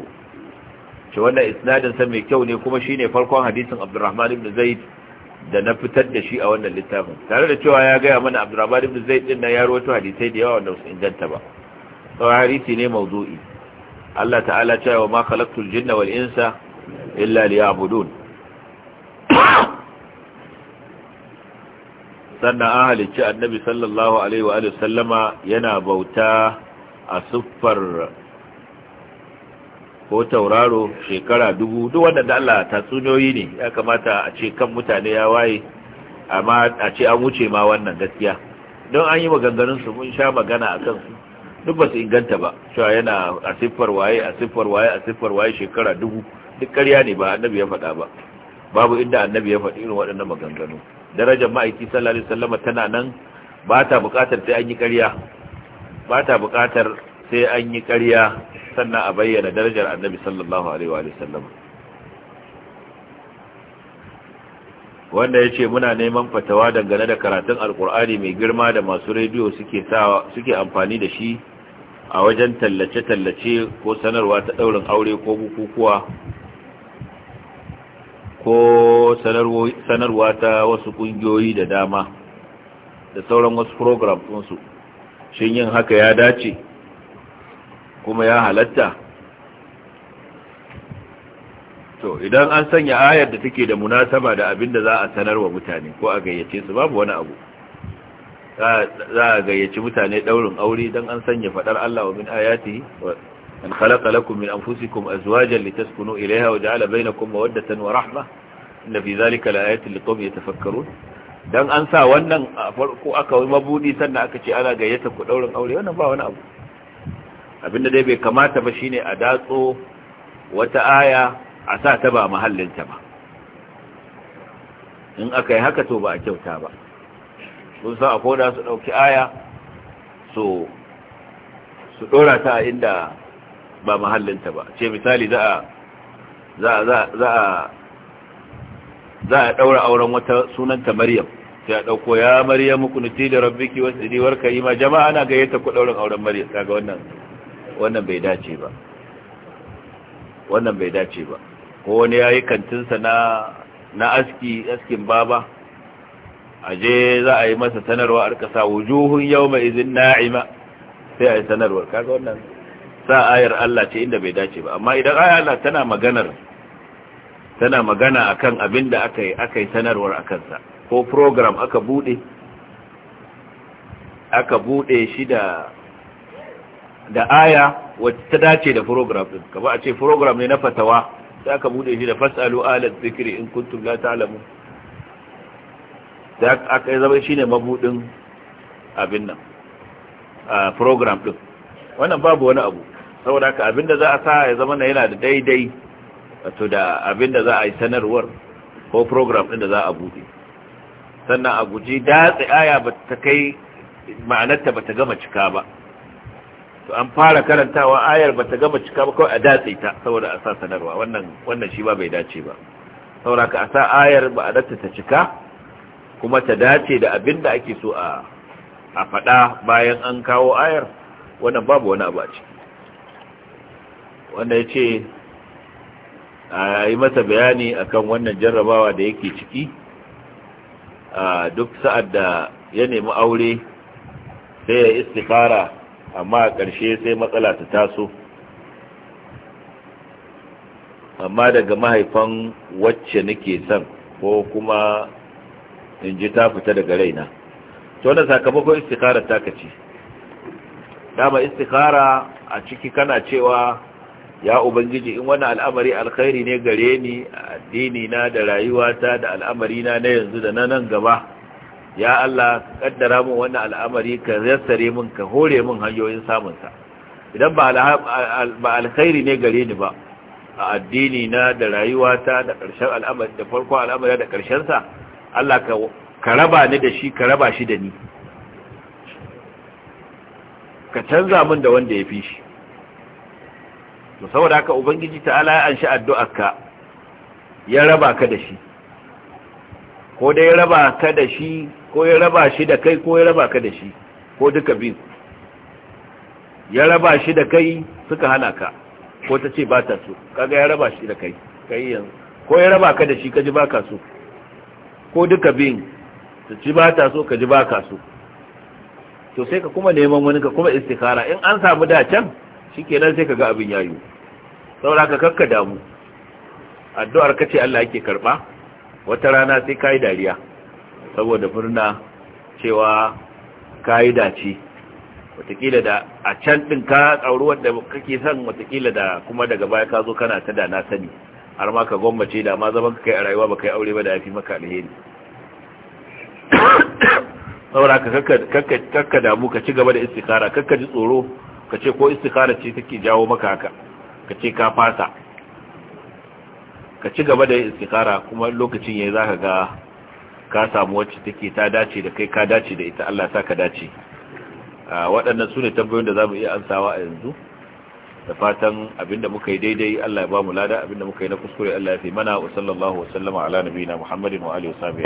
ce wannan isnadin sa mai kyau ne kuma shine farkon hadisin Abdurrahman ibn Zaid da na fitar da shi a wannan littafin tare da cewa ya gaya mana Abdurrahman ibn Zaid din na yaro rawaito hadisai da yawa wanda su inganta ba sau hadisi ne mawdu'i Allah ta'ala ta wa ma jinna wal insa illa liya'budun sannan an halicci annabi sallallahu alaihi wa sallama yana bauta a siffar ko tauraro shekara dubu duk wanda da Allah tatsuniyoyi ne ya kamata a ce kan mutane ya waye amma a ce an wuce ma wannan gaskiya don an yi maganganun mun sha magana a kansu duk ba su inganta ba cewa yana a siffar waye a siffar waye a siffar waye shekara dubu duk ƙarya ne ba annabi ya faɗa ba babu inda annabi ya faɗi irin waɗannan maganganu darajar ma'aiki sallallahu alaihi wasallam tana nan ba ta buƙatar sai an yi ƙarya ba ta buƙatar sai an yi ƙarya sannan a bayyana darajar annabi sallallahu alaihi wa sallam wanda ya ce muna neman fatawa dangane da karatun alkur'ani mai girma da masu rediyo suke amfani da shi a wajen tallace-tallace ko sanarwa ta ɗaurin aure ko bukukuwa ko sanarwa ta wasu ƙungiyoyi da dama da sauran wasu program ɗinsu shin yin haka ya dace kuma ya halatta to idan an sanya ayar da take da munasaba da abin da za a sanarwa mutane ko a gayyace su babu wani abu za a gayyaci mutane daurin aure don an sanya fadar Allah wa min ayati an khalaqa lakum min anfusikum azwajan litaskunu ilayha wa ja'ala bainakum mawaddatan wa rahma inna fi zalika laayatin liqawmin yatafakkarun dan an sa wannan ko farko aka yi mabudi sannan aka ce ana gayyata ku daurin aure wannan ba wani abu abinda dai bai kamata ba shine a datso wata aya a sa ta ba mahallinta ba in aka yi haka to ba a kyauta ba sun sa a koda su ɗauki aya su su ɗora ta inda ba mahallinta ba ce misali za a za a ɗaura auren wata sunanta maryam sai a ɗauko ya maryam mukunuti da rabbiki wasu idiwar ka yi ma jama'a na gayyata ku ɗaurin auren maryam kaga wannan wannan bai dace ba wannan bai dace ba ko wani ya yi kantinsa na na aski askin baba aje za a yi masa sanarwa a rika wujuhun yawma izin na'ima sai a yi sanarwar kaga wannan sa ayar Allah ce inda bai dace ba amma idan ayar Allah tana maganar tana magana akan abin da aka yi aka yi sanarwar akan sa ko program aka bude aka bude shi da da aya wacce ta dace da program din kaba a ce program ne na fatawa sai aka bude shi da fasalu ala zikri in kuntum la ta'lamun da aka yi zama ne mabudin abin nan a program din wannan babu wani abu saboda haka abin da za a sa ya zama na yana da daidai wato da abin da za a yi sanarwar ko program din da za a buɗe sannan a guji datse aya ba ta kai ma'anarta ba ta gama cika ba to an fara karantawa ayar ba ta gama cika ba kawai a datse ta saboda a sa sanarwa wannan shi ba bai dace ba saboda ka a sa ayar ma'anarta ta cika kuma ta dace da abin da ake so a faɗa bayan an kawo ayar wannan babu wani abu a ciki wanda ya ce a yi masa bayani akan wannan jarrabawa da yake ciki a duk sa'ad da ya nemi aure sai ya istifara amma a ƙarshe sai matsala ta taso amma daga mahaifan wacce nake son ko kuma in ji ta fita daga raina to wannan sakamakon istikhara ta kace dama istikhara a ciki kana cewa ya ubangiji in wani al'amari alkhairi ne gare ni addini na da rayuwata da al'amari na na yanzu da na nan gaba ya Allah kaddara min wannan al'amari ka yassare min ka hore min hanyoyin samun sa idan ba alkhairi ne gare ni ba a addini na da rayuwata da karshen al'amari da farko al'amari da karshen sa Allah ka raba ni da shi ka raba shi da ni ka canza min da wanda ya fi shi to saboda haka ubangiji ta'ala ya anshi ka ya raba ka da shi ko dai ya raba ka da shi ko ya raba shi da kai ko ya raba ka da shi ko duka biyu ya raba shi da kai suka hana ka ko ta ce ba ta so kaga ya raba shi da kai kai yanzu ko ya raba ka da shi kaji ba ka so ko duka bin ta ci ba so ka ji ba ka so to sai ka kuma neman wani ka kuma istikara in an samu dacen shikenan sai ka ga abin yayu saura ka kakka damu addu'ar ka ce Allah yake karba wata rana sai kai dariya saboda murna cewa kai dace watakila da a can ɗin ka tsauri wanda kake son watakila da kuma daga baya ka zo kana ta da na sani har ma ka gwammace da ma zaman ka kai a rayuwa ba kai aure ba da ya fi maka alheri saboda ka kakka damu ka ci gaba da istikara kakka ji tsoro ka ce ko istikara ce take jawo maka haka ka ce ka fasa ka ci gaba da istikara kuma lokacin yayi zaka ga ka samu wacce take ta dace da kai ka dace da ita Allah sa ka dace ah, waɗannan su ne tambayoyin da za mu iya ansawa a yanzu da fatan abinda muka yi daidai Allah ya ba mu lada abinda muka yi na kuskure Allah ya fi mana wa sallallahu wa sallama ala nabiyina Muhammadin wa alihi wa sahbihi